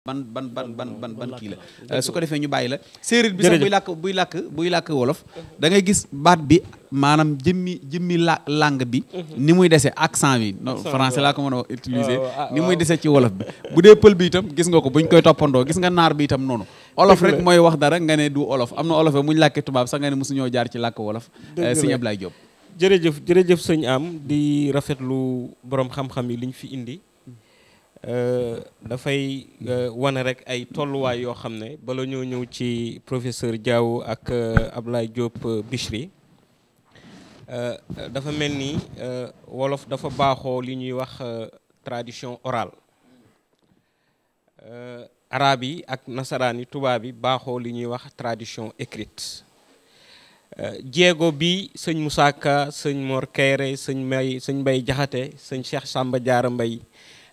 ban ban ban ban ban ban kii la euh, su ko defee ñu bàyyi la séeréer bi sax buy làkk buy làkk buy làkk wolof da ngay gis baat bi maanaam jëmmi jëmmi la langue bi mhm. ni muy dese accent bi français laa ko mën a utiliser ah, ah, ni muy ah. ci wolof bi dee pël bi itam gis nga ko buñ koy toppandoo gis nga naar bi itam noonu olof rek mooy wax dara nga ne du olof am na olof muñ làkkee tubaab sax nga ne mosuñoo jaar ci làkk wolof euh, sëñ Ablaye Diop jërëjëf jërëjëf sëñ am di rafetlu borom xam-xam yi liñ fi indi Euh, dafay euh, wane rek ay tolluwaay yoo xam ci professeur Diaw ak euh, Diop Bichri dafa mel ni wolof dafa baaxoo li ñuy wax tradition orale arabe ak nasaraan yi li ñuy tradition écrite jeego bi sëñ Moussa Ka Mor Kayre sëñ May Cheikh Samba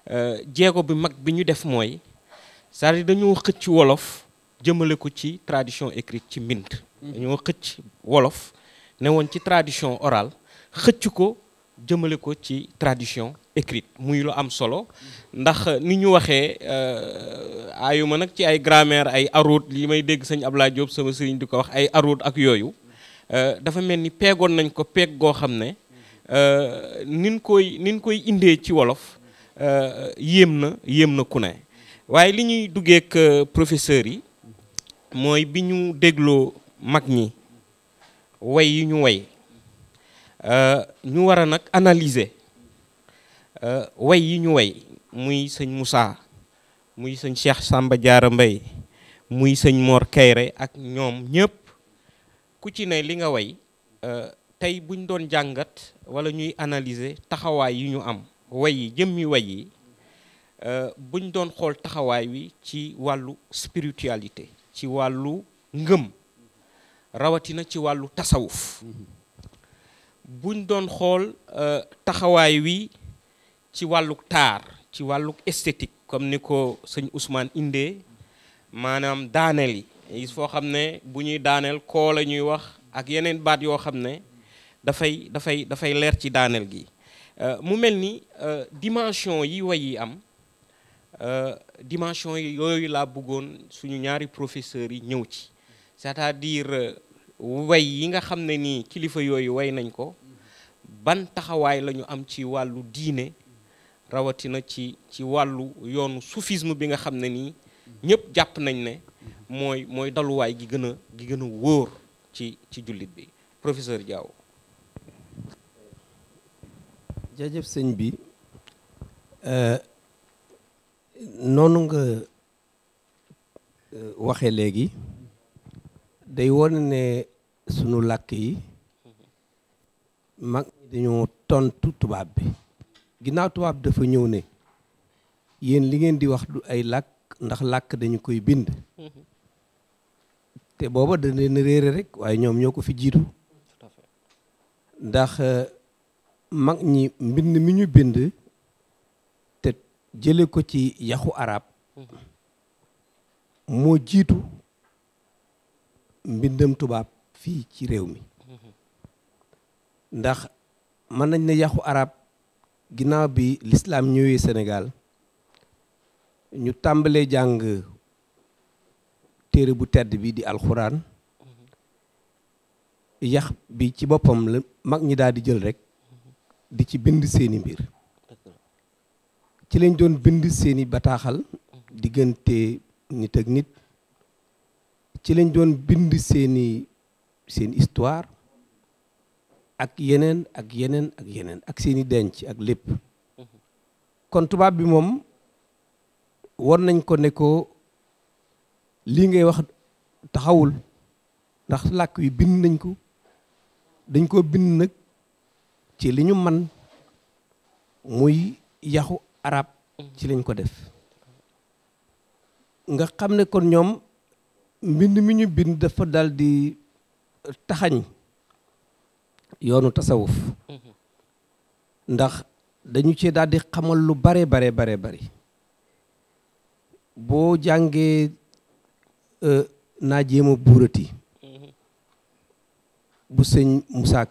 Euh, jéego bi mag bi ñu def mooy c'est-à-dire dañoo xëcc wolof jëmale ko ci tradition écrite ci mbind mhm. dañoo xëcc wolof ne woon ci tradition orale xëcc ko jëmale ko ci tradition écrite muy lu am solo mhm. ndax euh, ni ñu waxee euh, ayuma nag ci ay grammaire ay aruud li may dégg sëñ Abdoulaye Diop sama sëriñ di ko wax ay aruud ak yooyu dafa mel ni peegoon nañ ko peeg goo xam ne mhm. nin koy nin koy indee ci wolof Euh, yéem na yéem na ku waaye li ñuy duggeek euh, professeur yi mooy bi ñu dégloo mag ñi way yi ñu way euh, ñu war a nag analyser way yi ñu way muy sëñ Moussa muy sëñ Cheikh Samba Diarra Mbaye muy sëñ moor Kayre ak ñoom ñëpp ku ci ne li nga way tey buñ doon jàngat wala ñuy analyser taxawaay yi ñu am way yi jëmmi way yi euh, buñ doon xool taxawaay wi ci wàllu spiritualité ci wàllu ngëm rawatina ci wàllu tasawuf buñ doon xool euh, taxawaay wi ci wàllu taar ci wàllu esthétique comme ni ko sëñ usmaan indee maanaam daaneel yi foo xam ne bu ñuy daaneel koo ñuy wax ak yeneen baat yoo xam ne dafay dafay dafay leer ci daaneel gi Euh, mu mel ni euh, dimension yi way yi am euh, dimension yooyu laa bëggoon suñu ñaari professeurs yi ñëw ci c'est-à-dire way yi nga xam ne nii kilifa yooyu way nañ ko ban taxawaay lañu am ci wàllu diine rawatina ci ci wàllu yoonu soufisme bi nga xam ne nii ñëpp jàpp nañ ne mooy mooy daluwaay gi gën a gi gën a wóor ci ci jullit bi professeur Diaw jërëjëf sëñ bi eh, noonu nga eh, waxe léegi day wone ne sunu làkk yi mag ñi dañoo tontu tubaab bi ginnaaw tubaab dafa ñëw ne yéen li ngeen di wax du ay làkk ndax làkk dañu koy bind te booba da leen réere rek waaye ñoom ñoo ko fi jiitu ndax eh, mag ñi mbind mi ñu bind te jële ko ci yaxu arab moo jiitu mbindam tubaab fii ci réew mi ndax mën nañ ne yaxu arab ginnaaw bi lislaam ñëwee Sénégal ñu tàmbalee jàng téere bu tedd bi di alxuraan yax bi ci boppam la mag ñi daal di jël rek di ci bind seeni mbir ci lañ doon bind seeni bataaxal diggante nit ak nit ci lañ doon bind seeni seen histoire ak yeneen ak yeneen ak yeneen ak seeni denc ak lépp kon tubaab bi moom won nañ ko ne ko lii ngay wax taxawul ndax làkk wi bind nañ ko dañ koo bind nag ci li ñu man muy yaxu arab ci lañ ko def nga xam ne kon ñoom mbind mi ñu bind dafa dal di taxañ yoonu tasawuf ndax dañu ci daldi xamal lu bare bare bare bari boo jàngee euh, naa jéema buurati mm-hmm. bu sëñ Musaa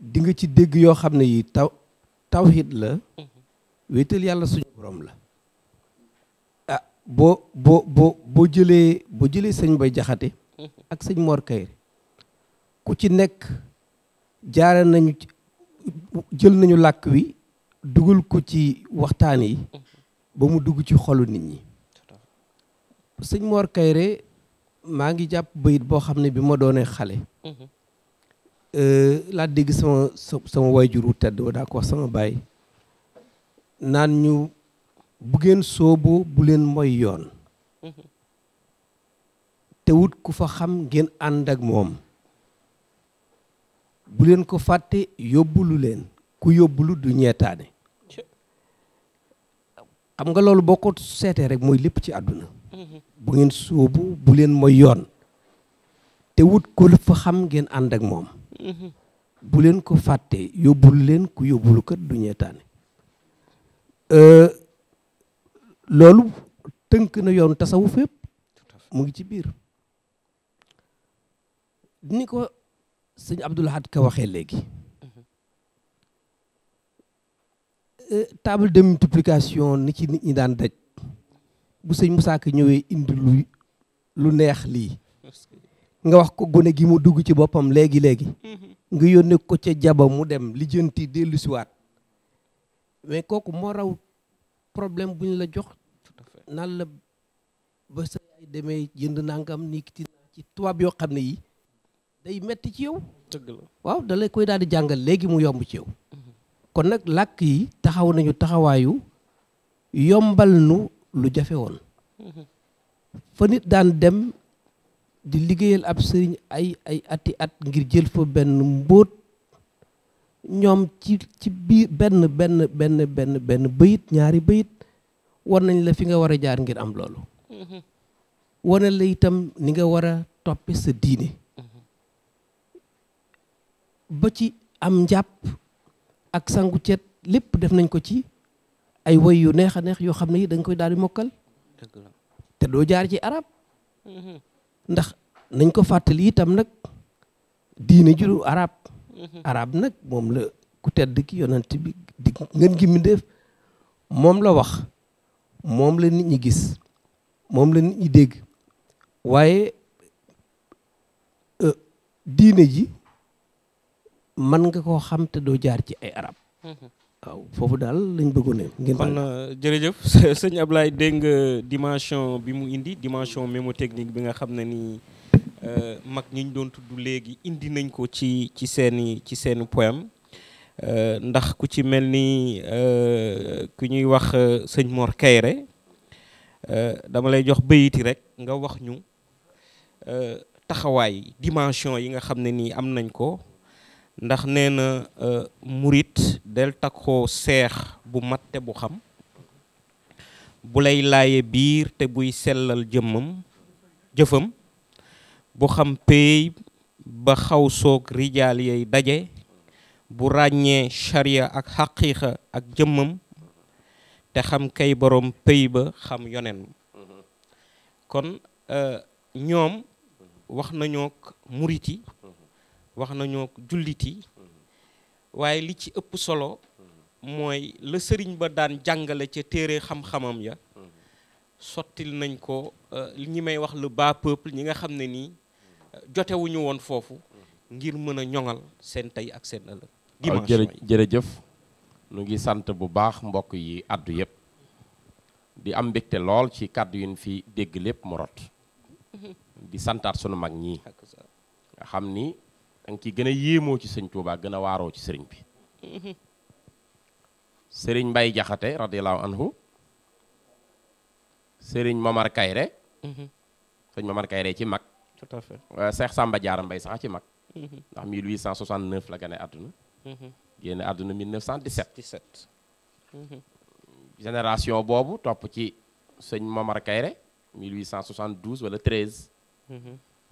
dinga ci dégg yoo xam ne yi taw tawhid la wéetal yàlla suñu borom la ah boo boo boo jëlee boo jëlee sëñ Jaxate ak sëñ Mor Kayre ku ci nekk jaare nañu jël nañu làkk wi dugal ko ci waxtaan yi ba mu dugg ci xolu nit ñi sëñ Mor Kayre maa ngi jàpp bayit boo xam ne bi ma doonee xale Euh, laa dégg sama sama waajur wu tedd daa ko sama baay naan ñu bu ngeen sóobu bu leen mooy yoon mhm. te wut ku fa xam ngeen ànd ak moom bu leen ko fàtte yóbbulu leen ku yóbbulu du ñeetaane xam nga loolu boo ko seetee rek mooy lépp ci àdduna mhm. bu ngeen bu leen mooy yoon te wut ku fa xam ngeen ànd ak moom Mm-hmm. bu leen ko fàttee yóbbul leen ku yóbbulu kat du ñeetaane euh, loolu tënk na yoon tasawu fépp mu ngi ci biir ni ko sëñ Abdul Ahad Ka waxee léegi euh, table de multiplication ni ci nit ñi daan daj bu sëñ Moussa ñëwee indi lu lu neex lii nga wax ko gone gi mu dugg ci boppam léegi léegi. Mm-hmm. nga yónneek ko ca jaba mu dem lijjanti dellu siwaat mais kooku moo raw problème bu ñu la jox. nan la ba sa ay demee jënd nangam nii ci tuwaab yoo xam ne yi day metti ci yow. waaw dalay koy daal di jàngal léegi mu yomb ci yow. Mm-hmm. kon nag làkk yi taxaw nañu taxawaayu yombal nu lu jafe woon. Mm-hmm. fa nit daan dem. di liggéeyal ab sëriñ ay ay ati at ngir jël fa benn mbóot ñoom ci ci biir benn ben benn benn benn bayit ñaari bayit war nañ la fi nga war a jaar ngir am loolu mhm. wane la itam ni nga war a sa diine mhm. ba ci am njàpp ak sangu ceet lépp def nañ ko ci ay way yu neex a neex yoo xam ne yi da nga koy daal di mokkal te doo jaar ci arab mhm. ndax nañ ko fàttali itam nag diine ju arab mhm. arab nag moom la ku tedd ki yonent bi di ngeen gi mbindéef moom la wax moom la nit ñi gis moom la nit ñi dégg waaye euh, diine ji mën nga koo xam te doo jaar ci ay arab mhm. waaw foofu daal lañ bëggoon ne ngeen kon euh, jërëjëf sëñ Ablaye dégg nga dimension bi mu indi dimension technique bi nga xam ne nii euh, mag ñi ñu doon tudd léegi indi nañ ko ci ci seeni ci seeni poème euh, ndax ku ci mel ni ku ñuy wax sëñ Mor Kayre dama lay jox bayiti rek nga wax ñu taxawaay dimension yi nga xam ne nii am nañ ko ndax nee na euh, murit del takkoo seex bu matte bu xam bu lay laaye biir te buy sellal jëmmam jëfam bu xam peey ba xaw soog rijaal yay daje bu ràññee charia ak xaqiiqa ak jëmmam te xam kay borom pey ba xam yonen mm-hmm. kon euh, ñoom wax nañoo murit wax nañu juliti mm-hmm. waye li ci ëpp solo moy mm-hmm. le sëriñ ba daan jangale ci téré xam-xamam ya mm-hmm. Sotil nañ ko euh, li ñi may wax le ba peuple ñi nga xam ni euh, joté wuñu won fofu ngir mëna ñongal sen tay ak sen ëlëk dimanche jërëjëf nu ngi sante bu baax mbokk yi addu yépp di am telol, lool ci kaddu yin fi dégg lépp mu di santar sunu mag ñi xamni da nga ciy gën a yéemoo ci sëñ Touba gën a waaroo ci sëriñ bi sëriñ Mbay Jaxate radiyallahu anhu sëriñ Mamar Kayre sëñ Mamar Kayre ci mag tout à fait euh, Seex Sàmba Jaara Mbay sax ci mag mhm. ndax 1869 la gane àdduna mhm. mhm. génération boobu topp ci sëñ Mamar Kayre 1872 wala 13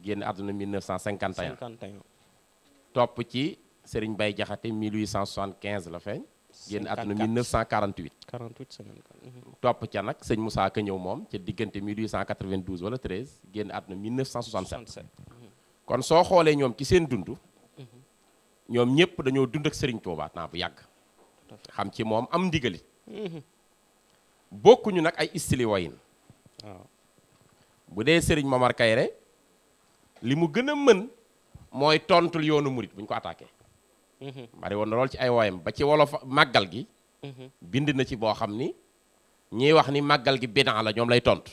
génn àdduna 1951 51 topp ci Serigne Baye Jaxate 1875 la feeñ. génn àdduna 1948. 48 semaines. topp ca nag sëñ Moussa Ka ñëw moom ca diggante 1892 wala 13 génn àdduna 1967. Mhm. kon soo xoolee ñoom ci seen dund. Mhm. ñoom ñëpp dañoo dund ak Serigne Touba naa bu yàgg. xam ci moom am ndigali. Mhm. bokkuñu nag ay istili wayin bu dee Serigne Momar Kayre li mu gën a mën. mooy tontul yoonu murit bu ko attaqué. Mhm. bari woon na lool ci ay wooyam ba ci wolof màggal gi. Mhm. bind na ci boo xam ni ñiy wax ni màggal gi binaa la ñoom lay tontu.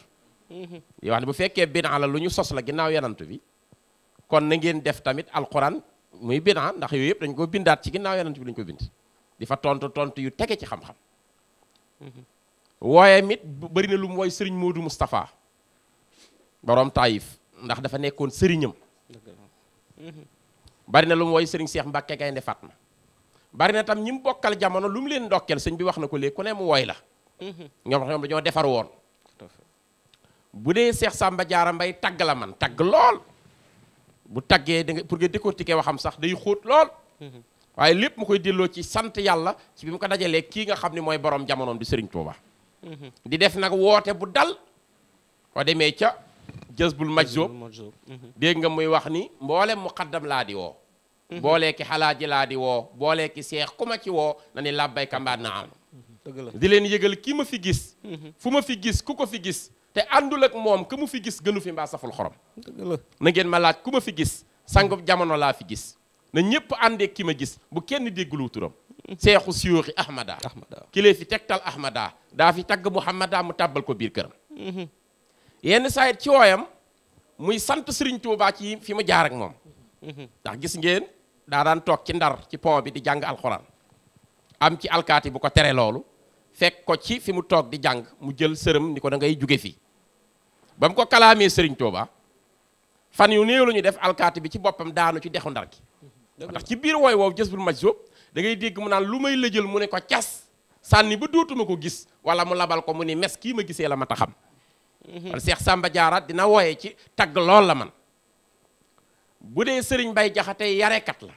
Mhm. di wax ni bu fekkee binaa la lu ñu sos la ginnaaw yanant bi kon na ngeen def tamit alquran muy binaa ndax yooyu yëpp dañ koo bindaat ci ginnaaw yanant bi lañ ko bind. di fa tontu tontu yu tege ci xam-xam. wooye mit bëri na lu mu woy sëriñ Modou Moustapha borom Taïf ndax dafa nekkoon sëriñam. bari na lu mu woy sëriñ Seex Mbàkke Gaynde Fatma bari na tam ñi mu bokkal jamono lu mu leen ndokkeel sëñ bi wax na ko léegi ku ne mu woy la ñoom ñoom dañoo defar woon bu dee Seex Sàmba Jaara Mbay tagg la man tagg lool bu taggee da nga pour nga décortiquer waxam sax day xóot lool waaye lépp mu koy delloo ci sant yàlla ci bi mu ko dajalee kii nga xam ne mooy boroom jamonoom di sëriñ Tuuba di def nag woote bu dal boo demee ca jazbul majzub mhm. dégg nga muy wax ni mboolem xaddam laa di woo mhm. boolee ki xalaaji laa di woo boolee ki seex ku ma ci woo na ni labbayka mbaa na am mhm. di leen yëgal ki ma fi gis fu ma fi gis ku ko fi gis te àndul ak moom ku mu fi gis gënu fi mbaa saful xorom na ngeen ma laaj ku ma fi gis sangub jamono laa fi gis na ñépp àndee ki ma gis bu kenn déggulu turam seexu siyooxi ahmada ki lee fi tegtal ahmada daa fi tagg muhammada mu tàbbal ko biir këram yenn saa yit ci wooyam muy sant sëriñ Touba ci fi mu jaar ak moom ndax gis ngeen daa daan toog ci ndar ci pont bi di jàng alxuraan am ci alkaati bu ko tere loolu fekk ko ci fi mu toog di jàng mu jël sërëm ni ko da ngay jóge fii ba mu ko kalaamee Serigne Touba fan yu néew la ñu def alkaati bi ci boppam daanu ci dexu ndar gi ndax ci biir woy woowu jës bul maj soob da ngay dégg mu naan lu may lëjël mu ne ko cas sànni ba dootuma ko gis wala mu labal ko mu ni mes kii ma gisee la ma taxam wala cheikh samba jarat dina woyé ci tag lool la man budé serigne sëriñ jaxaté yaré yarekat la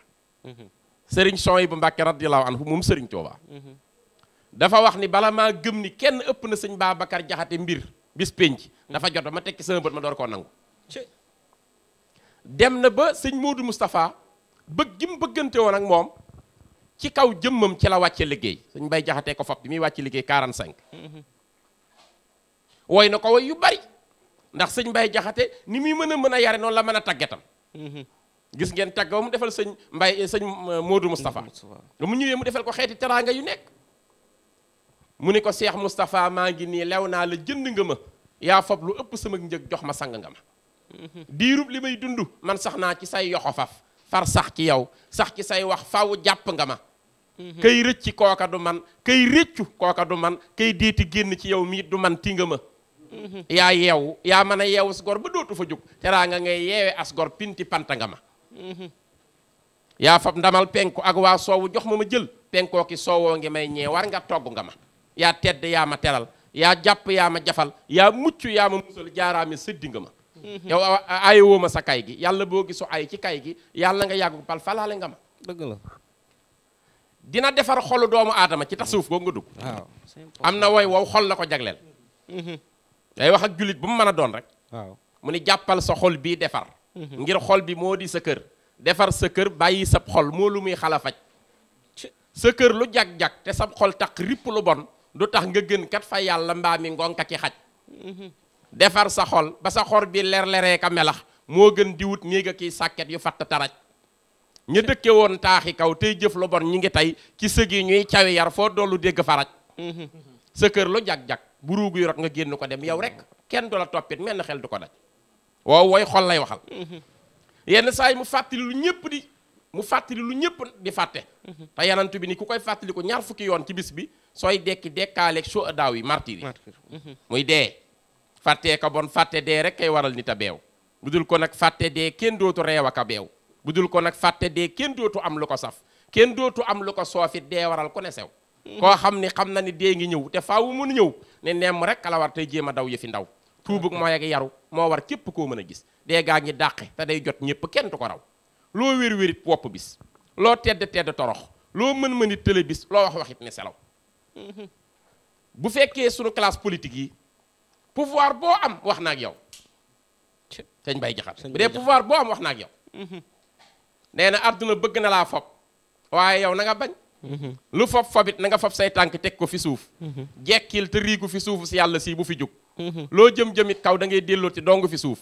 Sering coba yi bu radiyallahu anhu moom serigne toba dafa wax ni bala ma gëm ni kenn ëpp na serigne babakar jaxaté mbir bis pinch. dafa jott ma ci sama bëtt ma door ko nangu dem na ba serigne modou mustapha bëgg gi mu bëggante won ak mom ci kaw jëmmam ci la wàcce liggéey serigne bay jaxaté ko fop bi mi liggéey 45. woy na ko woy yu bari ndax sëñ mbay Jaxate ni muy mën a mën a yare noonu la mën a tàggetam mhm. gis ngeen tàgg ba mu defal sëñ mbay Mbaye eh, sëñ eh, Modou Moustapha ba mu ñëwee mu defal ko xeeti teraanga yu nekk mu ne ko Cheikh Moustapha maa ngi nii lew naa la jënd nga ma yaa fab lu ëpp sama njëg jox ma sang nga ma mhm. diirub li may dund man sax naa ci say yoxo faf far sax ci yow sax ci say wax faw jàpp nga ma mhm. kay rëcc kooka du man kay rëccu kooka du man kay déeti génn ci yow miit du man ti nga ma Mm-hmm. Ya yew ya, ya mana yew sgor si gor ba dootu fa jóg teraanga ngay yewé asgor pinti pantangama mm-hmm. ya ma fapndamal fab ndamal penko ak wa sowu jox moma jël penko ki sowo nge may ñe war nga togg nga ma Ya tedd ya ma telal ya japp ya ma jafal Ya muccu ya ma musul jaaraame seddi nga ma mm-hmm. ya, yow aayowoo ma sa kay gi yàlla ya, boo gisu ay ci kay gi yalla nga yagu pal falale nga ma la dina defar xolu doomu adama ci tasuf go nga dug amna am na xol la ko jaglel day wax ak jullit bu mu mën a doon rek. mu ni jàppal sa xol bii defar. Mhm. ngir xol bi moo di sa kër. defar sa kër bàyyi sab xol moo lu muy xala faj. sa kër lu jag te sab xol tax ripp lu bon du tax nga gën kat fa yàlla mbaa mi ngonka ki xaj. Mhm. defar sa ba sa xor bi ler-leree ka melax moo gën di wut néeg a kiy sàkket yu fatt taraj. ña dëkke woon taaxi kaw jëf lu bon ñi ngi tey ci sëg yi ñuy yar foo doolu dégg faraj. Mhm. sa kër lu jag-jag. buru guy rot nga génn ko dem yow rek kenn du la toppit mel na xel du ko daj waaw wooy lay waxal yenn saa mu fàttali ñëpp di mu fàttali lu ñëpp di fàtte mhm. te bi ni ku koy fàttali ko ñaar fukki yoon ci bi sooy dekki dekkaaleeg soo daaw yi martir yi mhm. muy dee fàttee ka bon fàtte dee rek kay waral nit a bu dul ko nag fàtte dee kenn dootu reew ak a beew bu dul ko nag fàtte dee kenn dootu am lu ko saf kenn dootu am lu ko soofit dee waral ku ne sew ko xamni ni ni de ngi ñew te faawu mu ñew ne nem rek kala war tay jema daw yëfi ndaw tuubuk mooy ak yaru mo war kep ko meuna gis de gaa ngi dàqe te day jot ñep kenn du ko raw lo wir wérit wopp bis lo tedd tedd torox lo meun meuni tele bis lo wax waxit ne selaw mhm. bu fekke suñu classe politique yi pouvoir bo am wax na ak yow señ bay jaxat bu dee pouvoir bo am wax na ak yow mhm. neena na bëgg na la fop waye yow na nga bañ Mm-hmm. lu fab fabit na nga fab say tànk teg ko fi suuf mm-hmm. jekkil te riigu fi suufu si yàlla si bu fi jug mm-hmm. loo jëm-jëmit kaw da ngay delloo ci dong fi suuf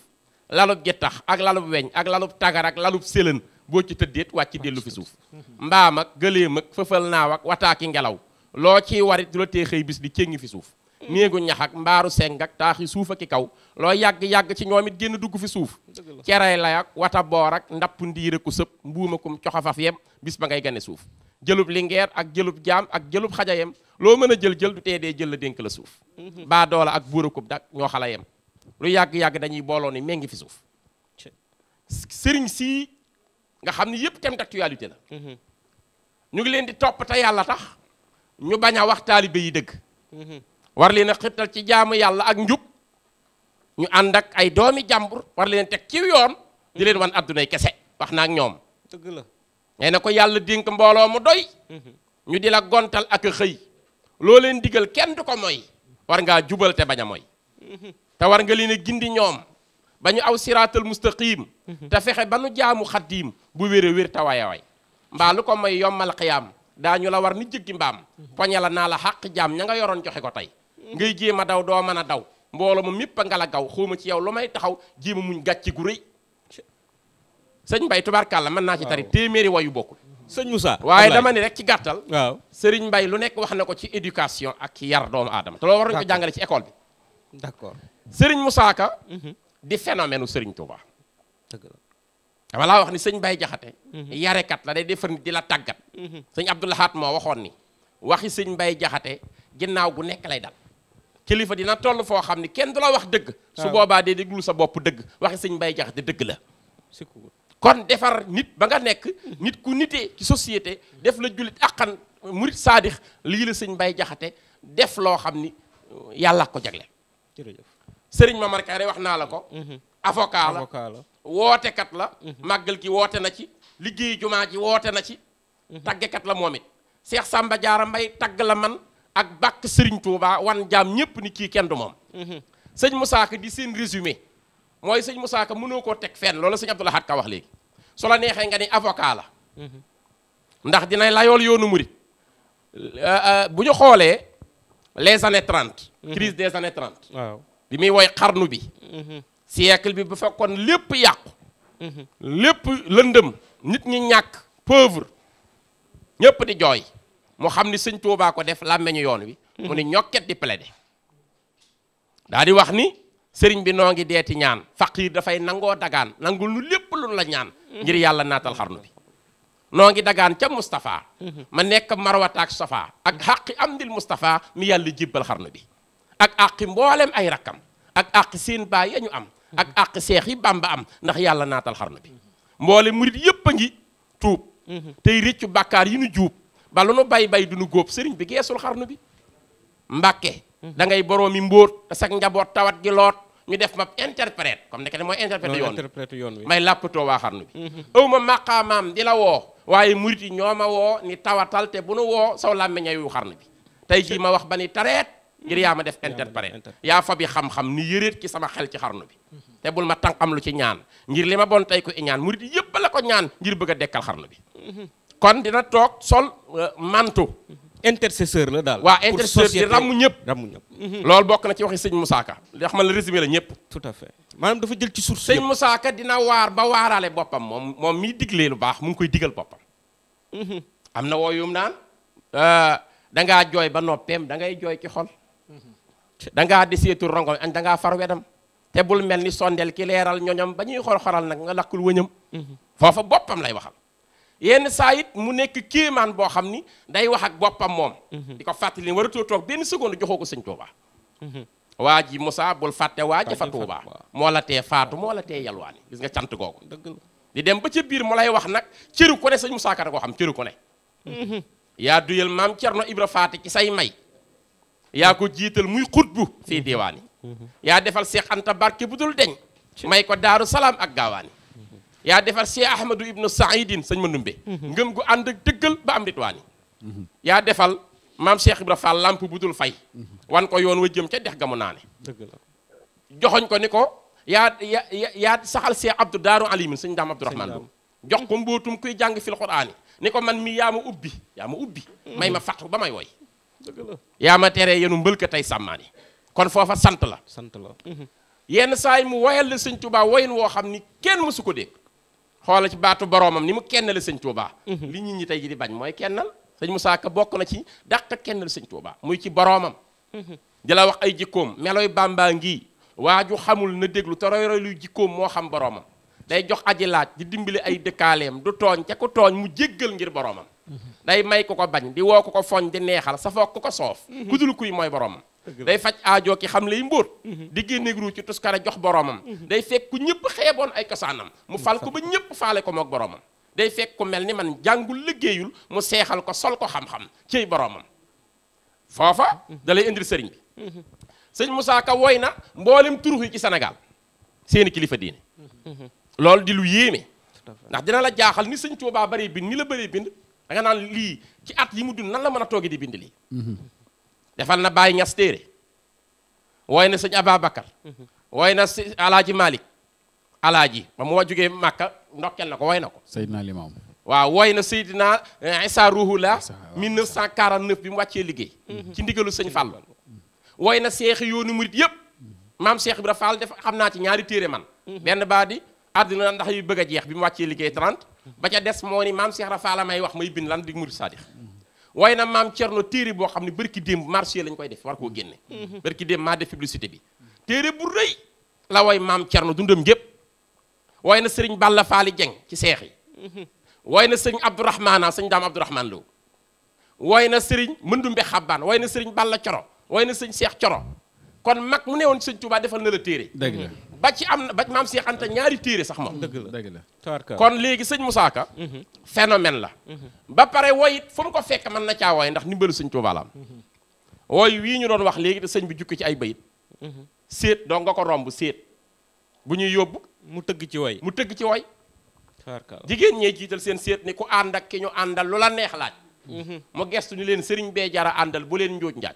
lalub gettax ak lalub weñ ak lalub tagar ak lalub sëlën boo ci tëddeet wàcc dellu fi suuf mbaam ak gëléem ak fëfal naaw ak wataaki ngelaw loo ciy warit du la tee xëy bis di céngi fi suuf néegu ñax ak mbaaru seng ak taaxi suuf ak i kaw loo yàgg-yàgg ci ñoom it génn dugg fi suuf cerey lay ak wata boor ak ndapp ndiir ku sëb mbuuma kum coxafaf yem bis ba ngay gane suuf jëlub lingeer ak jëlub jam ak jëlub xajayem lo mën jël jël du tédé jël la denk la suuf mhm. ba doola ak buur dak ño xala lu yag yag dañuy bolo ni mengi fi suuf sëriñ si nga xamni yépp tém d'actualité la mhm. ñu ngi leen di top ta yalla tax ñu baña wax talibé yi dëgg mhm. war leen a ci jaamu yalla ak njub ñu ànd ak ay doomi jambur war leen tek ci yoon di leen wan kese waxna ak ñom deug la nee na ko yàlla dénk mbooloo mu doy ñu di la gontal ak xëy loo leen digal kenn du ko mooy war ngaa jubal te bañ a mooy te war nga leen a gindi ñoom ba ñu aw siraatal mustaqim te fexe ba nu jaamu xaddiim bu wér wér te waya way mbaa lu ko mooy yommal xiyaam daañu la war ni jëggi mbaam poñe la naa la xàq jaam ña nga yoroon joxe ko tey ngay jéem a daw doo mën a daw mbooloo mu mépp a nga la gaw xawma ci yow lu may taxaw jéem muñ gàcce gu rëy sëñ mbay Mbaye la mën naa ci tari téeméeri wayu bokkul sëñ Moussa waaye dama ni rek ci gàttal waaw sëriñ Mbaye lu nekk wax na ko ci éducation ak ci yar doomu aadama te loolu war nañu ko jàngale ci école bi sëriñ Moussa Ka mhm. di phénomène sëriñ Touba dama laa wax ni sëñ Mbaye Jaxate mhm. yarekat la day defar nit di la tàggat mhm. sëñ Abdoulahat moo waxoon ni waxi sëñ Mbaye Jaxate ginnaaw gu nekk lay dal kilifa dina toll foo xam ni kenn du la wax dëgg su boobaa dee déglul sa bopp dëgg waxi sëñ Mbaye dëgg la kon defar nit ba nga nekk nit ku nitee ci société def la jullit akkan murit saadix lii la sëñ Mbay Jaxate def loo xam ni euh, yàlla ko jagle jërëjëf sëriñ Mamar Kayre wax naa la ko mhm. avocat la wootekat la mhm. màggal gi woote na ci liggéey jumaa ji woote na ci mhm. taggekat la moom it Seex Sàmba Jaara Mbay tagg la man ak bàkk sëriñ Tuubaa wan jaam ñépp ni ci kenn du moom sëñ Musaa Ka di seen résumé moy seigne Moussa Ka mënoo ko teg fenn loolu seigne Abdou Ka wax léegi su la neexee nga ni avocat la mm-hmm. ndax dina layool yoonu murit euh, euh, bu ñu xoolee les années 30 mm-hmm. crise des années 30 waaw bi muy woy xarnu bi mm-hmm. siècle bi bu fekkoon lépp yàqu lépp lëndëm nit ñi ñàkk pauvre ñëpp di jooy mu xam ni sëñ Tuubaa ko def làmmeñu yoon wi mu ni ñokket di plaider daa di wax ni Sering bi noongi deti ñaan faqir da fay nango dagan nangul lu lepp lu la ñaan mhm. ngir yalla natal xarnu bi noongi dagan ca mustafa mhm. ma nek marwata ak Safa ak haqi amdil mustafa mi yalla jibal xarnu bi ak mbollem ay rakam ak seen ba ya ñu am ak àqi mhm. sheikh yi bamba am ndax yalla natal xarnu bi mbollem murid yépp ngi tuup tey réccu bàkkaar yi ñu juup ba lu nu bay bay du nu gop sering, bi gesul xarnu bi mbake da ngay boroomi mbóot te tawat gi lot ñu def ma interprète comme nekene moy interprète yoon interprète yoon wi may làppatoo waa xarnu bi mhm. aw ma maqamam di la woo waaye murit yi ñoo ni tawatal te bu nu wo saw làmmeña yu xarnu bi tay ji ma wax bani taret tareet ngir ya ma def interprète ya fa bi xam-xam ni yereet ki sama xel ci xarnu bi te bul ma tankam lu ci ñaan ngir lima ma bon tay ko ñaan murit yeb la ko ñaan ngir bëgg a dekkal xarnu bi mhm. kon dina tok sol euh, mantu mhm. intercesseur la daal. waa intercesseur di ràmm ñëpp ràmm mhm. loolu bokk na ci waxi sëñ Moussa Ka li xam la résumé la ñëpp. tout à fait maanaam dafa jël ci source sëñ Moussa Ka dina waar ba waaraale boppam moom moom miy diglee lu baax mu ngi koy digal boppam. Mhm. am na wooyum naan. Euh, da ngaa jooy ba noppeem da ngay jooy ki xol. Mhm. da ngaa di seetu rongo añ da ngaa far wedam te bul mel ni sondeel ki leeral ñoñam ba ñuy xor xoral nag nga lakkul wëñam. foofa boppam lay waxal. yenn saa it mu nekk kéemaan boo xam ni day wax ak boppam moom. Mhm. di ko fàttali waratoo toog benn seconde joxoo ko sëñ Touba. Mhm. waa ji Moussa bul fàtte waa ji fa Touba moo la tee faatu moo la tee yalwaani gis nga cant googu. di dem ba ca biir mu lay wax nag cëru ko ne sëñ Moussa Ka koo xam cëru ko ne. Mhm. yaa duyal maam Cerno Ibra Faati ci say may. yaa ko jiital muy xutbu fii diwaani. yaa defal Seex Anta barke bu dul deñ may ko daaru salaam ak gaawaani. yaa defar Cheikh Ahmadou Ibnu Saïdine sëñ Mandumbe mhm. ngëm gu ànd ak dëggal ba am ritwaani mhm. yaa defal maam Cheikh Ibra Fall làmp bu dul fay mhm. wan ko yoon wa jëm ca dex gamu naane joxoñ ko ni ko yaa yaa yaa saxal Cheikh Abdou Daaru Alimin sëñ Daam Abdourahman boobu jox ko mbootum kuy jàng fil Quraani ni ko man mi yaa ma ubbi yaa ma ubbi may ma fàttu ba may woy yaa ma teree yenu mbëlka tey sàmmaani kon foofa sant la sant la yenn saa yi mu woyal la sëñ Tuubaa woyin woo xam ni kenn mësu ko dégg xoolal ci baatu boroomam ni mu kennal sëñ Touba. Mhm. li nit ñi tey ji di bañ mooy kennal sëñ mu Ka bokk na ci dàq kennal sëñ Touba muy ci boroomam. Mhm. di la wax ay jikkoom melooy bàmbaa ngi waa ju xamul na déglu te roy roy luy jikkoom moo xam boroomam day jox aji laaj di dimbali ay dëkkaaleem du tooñ ca ku tooñ mu jéggal ngir boroomam. Mhm. day may ku ko bañ di woo ku ko foñ di neexal safoo ku ko soof. ku dul kuy mooy boroomam. day faj aajoo ki xam lay mbóot mhm. di génne ruu ci tuskare jox boromam mhm. day fekk ku ñëpp xeeboon ay cosaanam mu fal ko ba ñëpp faale ko mook boroomam day fekk ku mel ni man jàngul liggéeyul mu seexal ko sol ko xam-xam ciy boromam foofa mhm. da lay indil sëriñ bi sëñ Moussa Ka woy na mboolem turux yi ci senegal seeni kilifa diine loolu di lu yéeme ndax dina la jaaxal ni sëñ Tuubaa bari bind ni la baree bind da nga naan lii ci at yi mu dund nan la mën a tooge di bind lii defal na Baye Ñas téere wooy na sëñ Ababacar mhm. wooy na si alaaji Malick alaaji ba mu wa jógee Màkka ndokkel na ko wooy na ko Seydina Limaam waaw wooy na Seydina Issa Ruhula 1949 bi mu wàccee liggéey mhm. Mhm. ci ndigalu sëñ Fall wooy na seex yoonu murit yëpp maam Seex Ibra Fall def xam naa ci ñaari téere man benn baa di àddina ndax yu bëgg jeex bi mu wàccee liggéey 30 ba ca des moo ni maam Seex Ibra Fall may wax may bind lan di murit saadix way na maam Thierno téere boo xam ne barki démb marché lañ koy def war koo génne mhm. barki démb maa def publicité bi téere bu la way maam Thierno dundam gépp way na sëriñ Balla Faali Jeng ci seex yi mhm. way na sëriñ Abdourahmana sëñ daam Abdourahman Lo way na mën sëriñ Mëndumbe Xabbaan way na sëriñ Balla Coro way na sëñ Seex Coro kon mag mu ne woon sëñ Tuubaa defal na la téere dëgg la ba ci am ba maam Cheikh Anta ñaari téere sax moom. dëgg la dëgg la kon léegi sëñ Moussa Ka mhm. phénomène la. Mhm. ba pare woy it fu mu ko fekk mën na caa woy ndax ndimbalu sëñ Tuubaa la am. Mhm. woy wii ñu doon wax léegi te sëñ bi jukki ci ay bayit séet doo nga ko romb séet bu ñuy yóbbu. mu tëgg ci woy mu tëgg ci woy jigéen ñee jiital seen séet ni ku ànd ak ki ñu àndal lu la neex laaj. mu gestu ni leen sëriñ bee jara àndal bu leen njóoj njaaj.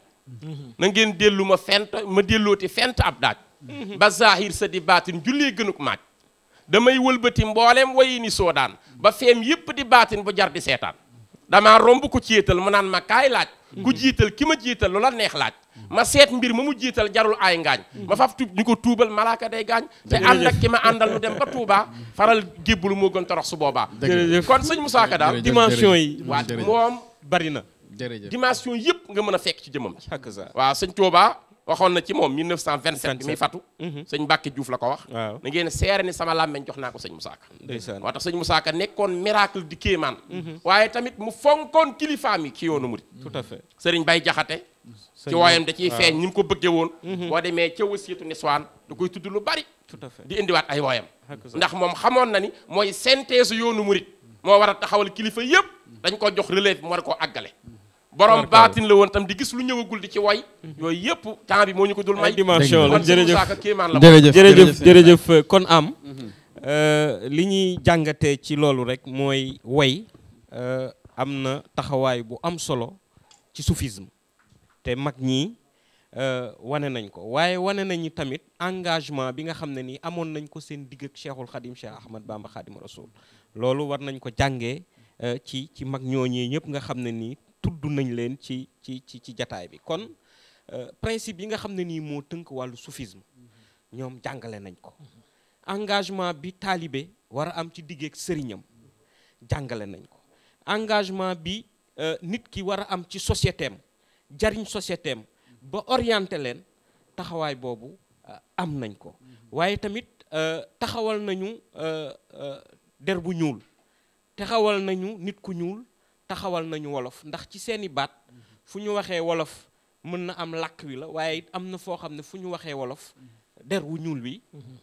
na ngeen déllu ma fent ma dellooti fent ab daaj. Mhm. ba zahir sa di baatin jullee ko maaj damay wëlbati mbooleem wayi ni daan ba feem yépp di baatin bu jar di seetaan damaa romb ko ciital mu naan ma kaay laaj mhm. ku jiital ki ma jiital la neex laaj ma seet mbir ma mu jiital jarul ay ngaañ mhm. ma faf tub ñu ko tuubal malaaka day gaañ te ànd ki ma àndal nu dem ba Touba faral gébbalu moo gën torox su boobaa kon sëñ Moussa Ka daal dimension yi waa moom bari na dimension yëpp nga mën a fekk ci jëmam waaw sëñ Touba waxoon na ci moom 1927 bi muy fatu mhm. sëñ Mbàkke Diouf la ko wax na ngeen seere ni sama làmmeñ jox naa ko sëñ Moussa Ka moo tax sëñ Moussa Ka nekkoon miracle di kéemaan mhm. waaye tamit mu fonkoon kilifaam yi ci yoonu murit tout à fait sëriñ Bay Jaxate ci wooyam da ci feeñ ni mu ko bëggee woon mhm. boo demee ca wasiitu niswaan da koy tudd lu bari tout à fait di indiwaat ay wooyam ndax moom xamoon na ni mooy synthèse yoonu murit moo war a taxawal kilifa yëpp dañ ko jox relève mu war koo àggale borom baatin la woon tam di gis lu ñëwagul di ci way mhm. yooyu yëpp temps bi moo ñu ko dul may dimension la jërëjëf jërëjëf jërëjëf euh, kon am mhm. euh, li ñuy jàngatee ci loolu rek mooy way euh, am na taxawaay bu am solo ci soufisme te mag ñii wane nañ ko waaye wane nañu tamit engagement bi nga xam ne nii amoon nañ ko seen digg ak cheikhul xadim cheikh ahmad bamba xadim rasoul loolu war nañ ko jànge ci ci mag ñooñee ñëpp nga xam ne nii tudd nañ leen ci ci ci ci jataay bi kon euh, principe yi nga xam ne nii moo tënk wàllu soufisme ñoom jàngale nañ ko engagement bi taalibe war a am ci diggeeg sëriñam jàngale nañ ko engagement bi euh, nit ki war a am ci société jariñ société ba orienté leen taxawaay boobu euh, am nañ ko waaye tamit taxawal nañu der bu ñuul taxawal nañu nit ku ñuul taxawal nañu wolof ndax ci seeni baat fu ñu waxee wolof mën na am làkk wi la waaye am na foo xam ne fu ñu waxee wolof der wu ñuul wi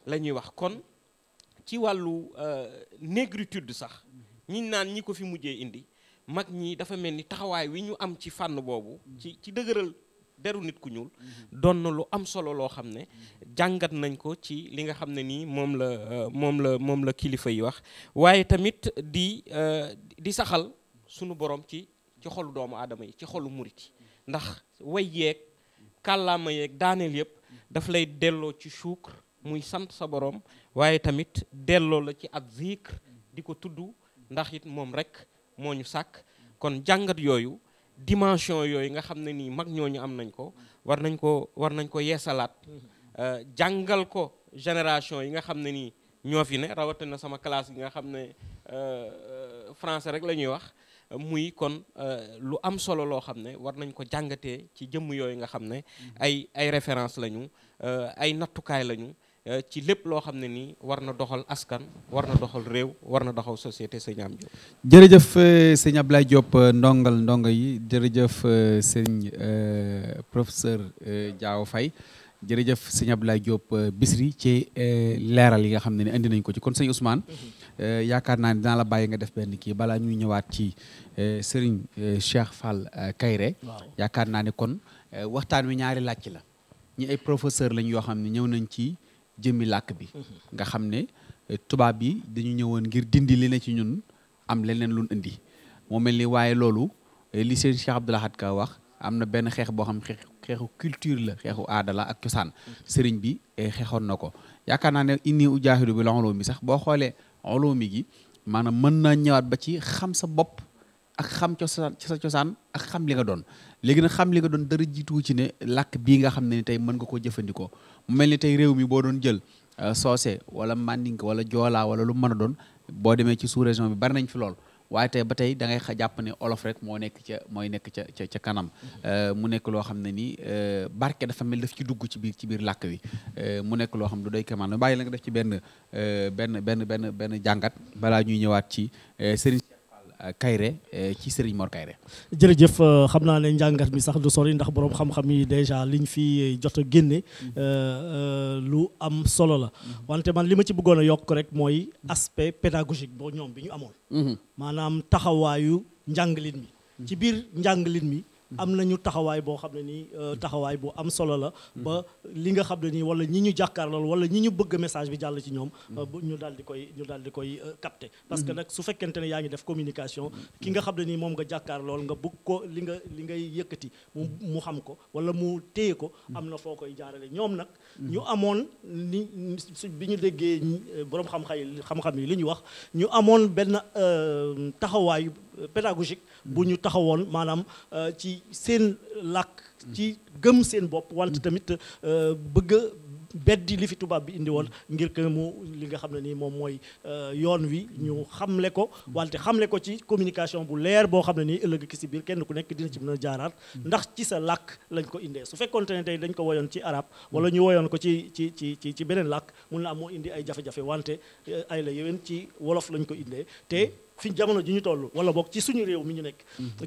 la ñuy wax kon ci wàllu euh, négritude sax ñi naan ñi ko fi mujjee indi mag ñi dafa mel ni taxawaay wi ñu am ci fànn boobu ci ci dëgëral deru nit ku ñuul doon na lu am solo loo xam ne jàngat nañ ko ci li nga xam ne nii moom la euh, moom la moom la kilifa yi wax waaye tamit di euh, di saxal sunu borom ci ci xolu doomu aadama yi ci xolu murit ndax way yeeg kàllaama yeeg daaneel yëpp daf lay delloo ci suukar muy sant sa borom waaye tamit delloo la ci ak zikr di ko tudd ndax it moom rek moo ñu sàkk kon jàngat yooyu dimension yooyu nga xam ne nii mag ñooñu am nañ ko war nañ ko war nañ ko yeesalaat euh, jàngal ko génération yi nga xam ne nii ñoo fi ne rawatina sama classe yi nga xam ne euh, euh, français rek la ñuy wax muy kon euh, lu am solo loo xam ne war nañ ko jàngatee ci jëmm yooyu nga xam ne mm-hmm. ay ay référence lañu euh, ay nattukaay lañu euh, ci lépp loo xam ne nii war na doxal askan war na doxal réew war na doxal société sëñ am Diop. jërëjëf sëñ Ablaye Diop ndongal ndongo yi jërëjëf sëñ professeur Diaw Faye jërëjëf sëñ Ablaye Diop Bichri ci leeral yi nga xam ne ni indi nañ ko ci kon sëñ Ousmane. Mm-hmm. Euh, yaakaar naa ne dinaa la bàyyi nga def benn kii balaa ñuy ñëwaat ci euh, Serigne euh, Cheikh Fall Kayré yaakaar naa ne kon waxtaan wi ñaari làcc la ñi ay professeur lañ yoo xam ne ñëw nañ ci jëmmi làkk bi mhm. nga xam ne tubaab yi dañu ñëwoon ngir dindi li ne ci ñun am leneen lu indi moo mel ni waaye loolu li seen Cheikh Abdou Lahad Ka wax am na benn xeex boo xam xeexu culture la xeexu aadala ak cosaan mhm. sëriñ bi xeexoon na ko yaakaar naa ne inni ujaahidu bi loxoloo mi sax boo xoolee mi gi maanaam mën naa ñëwaat ba ci xam sa bopp ak xam cosaan sa cosaan ak xam li nga doon léegi nag xam li nga doon dara jiituwu ci ne lakk bii nga xam ne ni tey mën nga koo jëfandikoo mel ni tey réew mi boo doon jël euh, soose wala mandinka wala joolaa wala lu mën a doon boo demee ci sous région bi bari nañ fi lool waaye ba tey dangay ngay jàpp ne olof rek moo nekk ca mooy nekk ca ca ca kanam euh, mu nekk loo xam ne nii euh, barke dafa mel daf ci dugg ci biir ci biir làkk wi euh, mu nekk loo xam lu doy kéemaan bàyyi la nga def ci benn benn benn benn benn jàngat balaa ñuy ñëwaat ci sëriñ Kayré eh, ci Serigne Mor Kayré. jërëjëf eh, xam naa ne njàngat mi sax du soli ndax borom xam-xam yi dèjà liñ fi jot a génne eh, lu am solo la wante man li ma ci bëggoon a yokk rek mooy aspect pédagogique boo ñoom bi ñu amoon. Mhm. maanaam taxawaayu njànglin mi. ci biir njànglin mi. am na ñu taxawaay boo xam ne nii euh, taxawaay bu am solo la ba li nga xam ne nii wala ñi ñu jàkkaarlool wala ñi ñu bëgg message bi jàll ci ñoom euh, ñu daal di koy ñu daal di koy euh, capté parce que nag su fekkente ne yaa ngi def communication ki nga xam ne nii moom nga jàkkaarlool nga bëgg ko li nga li ngay yëkkati mu mu xam ko wala mu téye ko am na foo koy jaarale ñoom nag ñu amoon ni bi ñu déggee boroom xam-xam yi xam-xam yi li ñu wax ñu amoon benn taxawaay pédagogique bu ñu taxawoon maanaam euh, ci seen làkk ci gëm seen bopp wante tamit euh, bëgg beddi li fi tubaab bi indi woon ngir que mu li nga xam ne nii moom mooy euh, yoon wi ñu xamle ko wante xamle ko ci communication bu leer boo xam ne nii ëllëg ki si biir kenn ku nekk dina ci mën a jaaraat ndax ci sa làkk lañ ko indee su fekkonte ne tey dañ ko woyoon ci arab wala ñu woyoon ko ci ci ci ci ci beneen làkk mun na am moo indi ay jafe-jafe wante ay la yéwén ci wolof lañ ko indee te fi jamono ji ñu toll wala boog ci suñu réew mi ñu nekk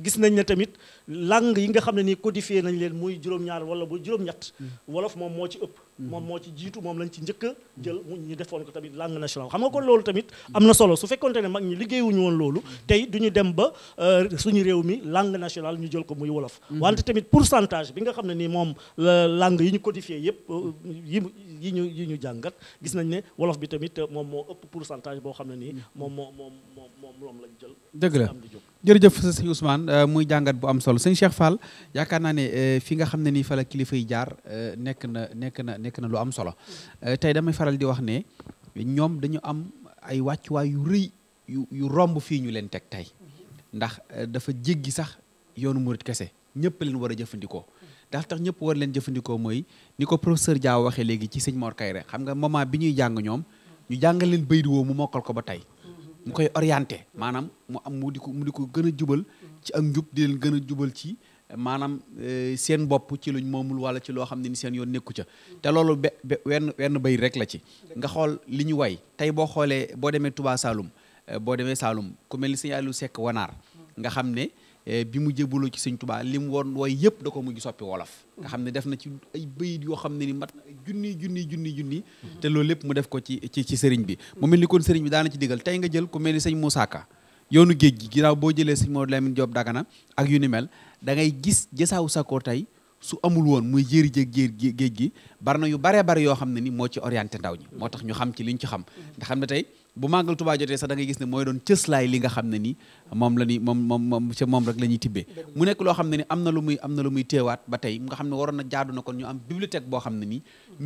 gis nañ ne tamit langue yi nga xam ne ni codifié nañ leen muy juróom-ñaar wala bu juróom-ñett mm. wolof moom moo ci ëpp Mm-hmm. moom moo ci jiitu moom lañ ci njëkk a jël mu ñu defoon ko tamit langue nationale xam nga kon loolu tamit am na solo su fekkonte ne mag ñi liggéeyuñu woon loolu mm-hmm. tey du ñu dem ba euh, suñu réew mi langue nationale ñu jël ko muy wolof mm-hmm. wante tamit pourcentage bi nga xam ne nii moom euh, langue yi ñu codifié yëpp euh, yi yi ñu yi ñu jàngat gis nañ ne wolof bi tamit moom moo ëpp pourcentage boo xam ne nii moom moo moom moom moom loom lañ jël dëgg am di jóg jërëjëf sëñ Ousmane euh, muy jàngat bu am solo sëñ Cheikh Fall yaakaar naa ne euh, fi nga xam ne nii fa la kilifa yi jaar euh, nekk na nekk na nekk na lu am solo tey damay faral di wax ne ñoom dañu am ay wàccuwaay yu rëy yu romb fii ñu leen teg tey ndax dafa jéggi sax yoonu murit kese ñëpp leen war a jëfandikoo ndax tax ñëpp war leen jëfandikoo mooy ni ko professeur Dia waxee léegi ci sëñ Mor Kayre xam nga moment bi ñuy jàng ñoom ñu jàngal leen baydi mu mokkal ko ba tey mu koy orienté maanaam mu am mu di ko mu ko gën a jubal ci ak njub di leen gën a jubal ci eh, maanaam eh, seen bopp ci luñ moomul wala ci loo xam ne ni seen yoon nekku ca te loolu be wenn wenn bay rek la ci nga xool li ñu way tey boo xoolee boo demee tubaa saalum eh, boo demee Saloum ku si ni Sëñ Wanaar nga xam ne Eh, bi mu jébaloo ci sëñ tubaa li mu woon wooy yëpp da ko mujj soppi wolof nga xam ne def na ci ay bayit yoo xam ne ni mat junni junni junni junni mhm. te loolu lépp mu def ko ci ci ci sëriñ bi mu mel ni kon sëriñ bi daana ci digal tey nga jël ku mel ni sëñ Moussa Ka yoonu géej gi ginnaaw boo jëlee sëñ Maodo Lamine Diop Dagana ak yu ni mel da ngay gis jësaawu sakkoor tey su amul woon muy jéeri jéeg jéer géej gi bari na yu baree bari yoo xam ne ni moo ci orienté ndaw ñi moo tax ñu xam ci liñ ci xam mhm. bu màggal Tuubaa jotee sax da ngay gis ne mooy doon cëslaay li nga xam ne ni moom la ñuy moom moom moom ca moom rek la ñuy tibbee mu nekk loo xam ne ni am na lu muy am na lu muy teewaat ba tey nga xam ne waroon na jaadu na kon ñu am bibliothèque boo xam ne ni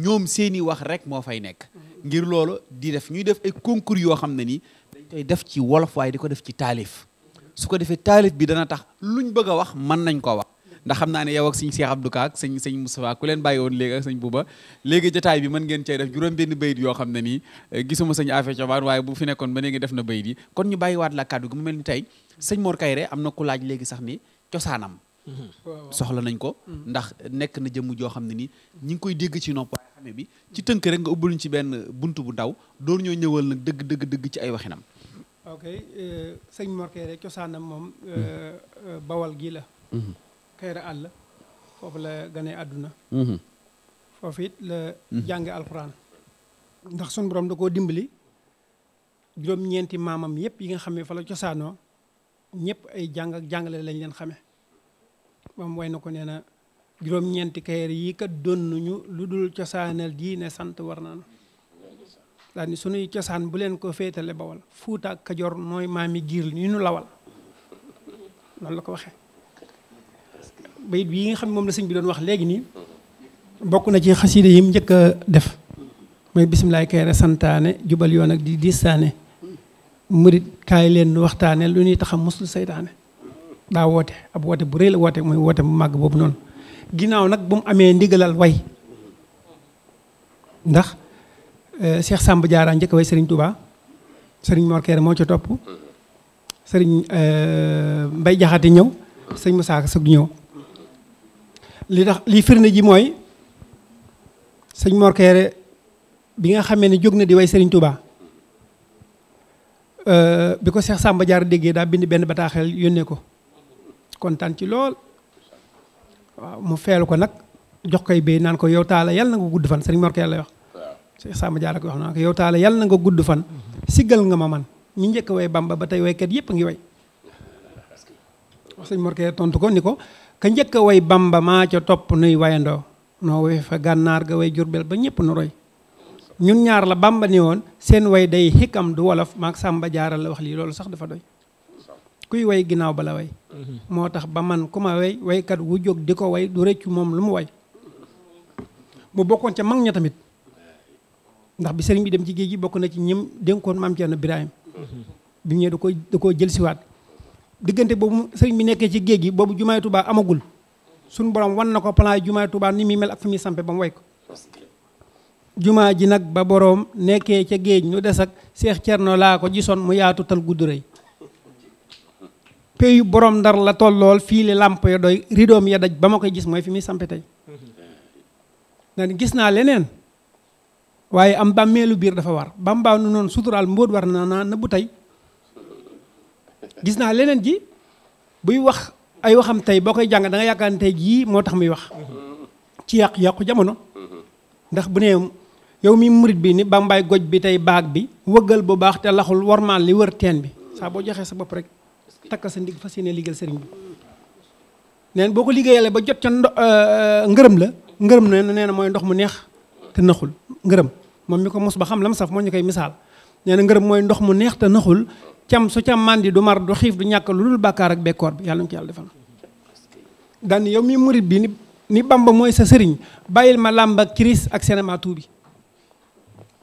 ñoom seeni wax rek moo fay nekk ngir loolu di def ñuy def ay concours yoo xam ne ni dañ def ci wolof waaye di ko def ci taalif su ko defee taalif bi dana tax luñ bëgg a wax mën nañ koo wax ndax xam naa ne yow ak sëñ Cheikh Abdou Ka ak sëñ sëñ Moustapha ku leen bàyyi woon léegi ak sëñ Bouba léegi jotaay bi mën ngeen cay def juróom benn bayit yoo xam ne nii eh, gisuma sëñ Afia Thioban waaye bu fi nekkoon ba léegi def na bayit yi kon ñu bàyyiwaat la kàddu gi mel ni tey sëñ Mor Kayre am na ku laaj léegi sax ni cosaanam mm-hmm. soxla nañ ko mm-hmm. ndax nekk na jëmm joo xam ne nii ñi ngi koy dégg ci nopp waaye bi ci tënk rek nga ubbaluñ ci benn bunt bu ndaw door ñoo ñëwal nag dëgg dëgg dëgg ci ay waxinam ok eh, sëñ Mor Kayre cosaanam moom mm-hmm. eh, bawal gii la kayra àll foofu la gane àdduna mm-hmm. foofu it la mm-hmm. jànge alxuraan ndax sun borom da koo dimbali juróom-ñeenti maamam yëpp yi nga xam ne fa la cosaanoo ñëpp ay jàng ak jàngale lañ leen xame moom way na ko nee na juróom-ñeenti kayar yi kat donnuñu lu dul cosaanal ji ne sant war naan daa ni cosaan bu leen ko féetale bawal fuuta ak kajoor nooy maami giir ñu nu lawal noonu la ko waxee bayit bii nga xam moom la sëñ bi doon wax léegi nii bokk na ci yi mu njëkk a def mooy bisimilaay kayre santaane jubal yoon ak di distaane murit kaay leen waxtaane lu ñuy taxam mosul seytaane daa woote ab woote bu rëy woote mooy woote mu màgg boobu noonu ginnaaw nag bu mu amee ndigalal way ndax eh, Cheikh Samb Diarra njëkk way Serigne Touba Serigne Mor Kéré moo ca topp Serigne eh, Mbay Jaxate ñëw Serigne Moussa Ka sëg ñëw li tax li firnde ji mooy sëñ Mor bi nga xamee ne jóg na di way Serigne tubaa euh, bi ko Cheikh Samba Diar déggee daa bind benn bataaxel yónnee ko kontaan ci lool waaw mu feelu ko nag jox koy béy naan ko yow taala yàlla na nga gudd fan Serigne Mor Kéré lay wax. wax naan yow taala yàlla na gudd fan siggal nga ma man ñu njëkk way Bamba ba tey waykat yëpp a ngi way. wax sëñ Mor tontu ko ni ko. ka njëkk a way bamba maa ca topp nuy wayandoo noo way fa gànnaar ga way jurbel ba ñëpp nu roy ñun ñaar la bamba ni woon seen way day xikam du wolof maag sàmba jaaral la wax lii loolu sax dafa doy kuy way ginnaaw bala way mm-hmm. moo tax ba man ku ma way waykat wu jóg di ko way du rëccu moom lu mu way mu bokkoon ca mag ña tamit ndax bi sëriñ bi dem ci géej gi bokk na ci ñim dénkoon maam Cerno Birahim mm-hmm. bi ñëwee da ko da koo jël siwaat diggante boobu sëriñ bi nekkee ci géej gi boobu jumaay Tuubaa amagul suñu borom wan na ko plan jumaay Tuubaa ni muy mel ak fi muy sampe ba mu way ko jumaa ji nag ba boroom nekkee ca géej ñu des ak Seex Cerno laa ko jisoon mu yaatu tal guddurëy peyu borom ndar la tollool fii li làmp ya doy ridoom ya daj ba ma koy gis mooy fi muy sampe tey nan gis naa leneen waaye am bàmmeelu biir dafa war bambaa nu noonu suturaal mbóot war na naa nëbbu tey gis naa leneen ji buy wax ay waxam tey boo koy jàng da nga yaakaar ne tey jii moo tax muy wax ci yàqu-yàqu jamono ndax bu ne yow mi murit bi ni bambaay goj bi tey baag bi wëggal bu baax te laxul warmaal li wër teen bi saa boo joxee sa bopp rek takka sa ndig fas yéene sëriñ bi neen ko ba jot ca euh, euh, ngërëm la ngërëm na nee mooy ndox mu neex te naxul ngërëm moom mi ko mos ba xam lam saf moo ñu koy misaal nee ngërëm mooy ndox mu neex te naxul Ciam so cham mandi du mar du xif du ñak lulul bakkar ak bekor bi yalla ngi yalla defal dan yow mi murit bi ni ni bamba moy sa serign bayil ma lamba kris kiris ak cinéma tuubi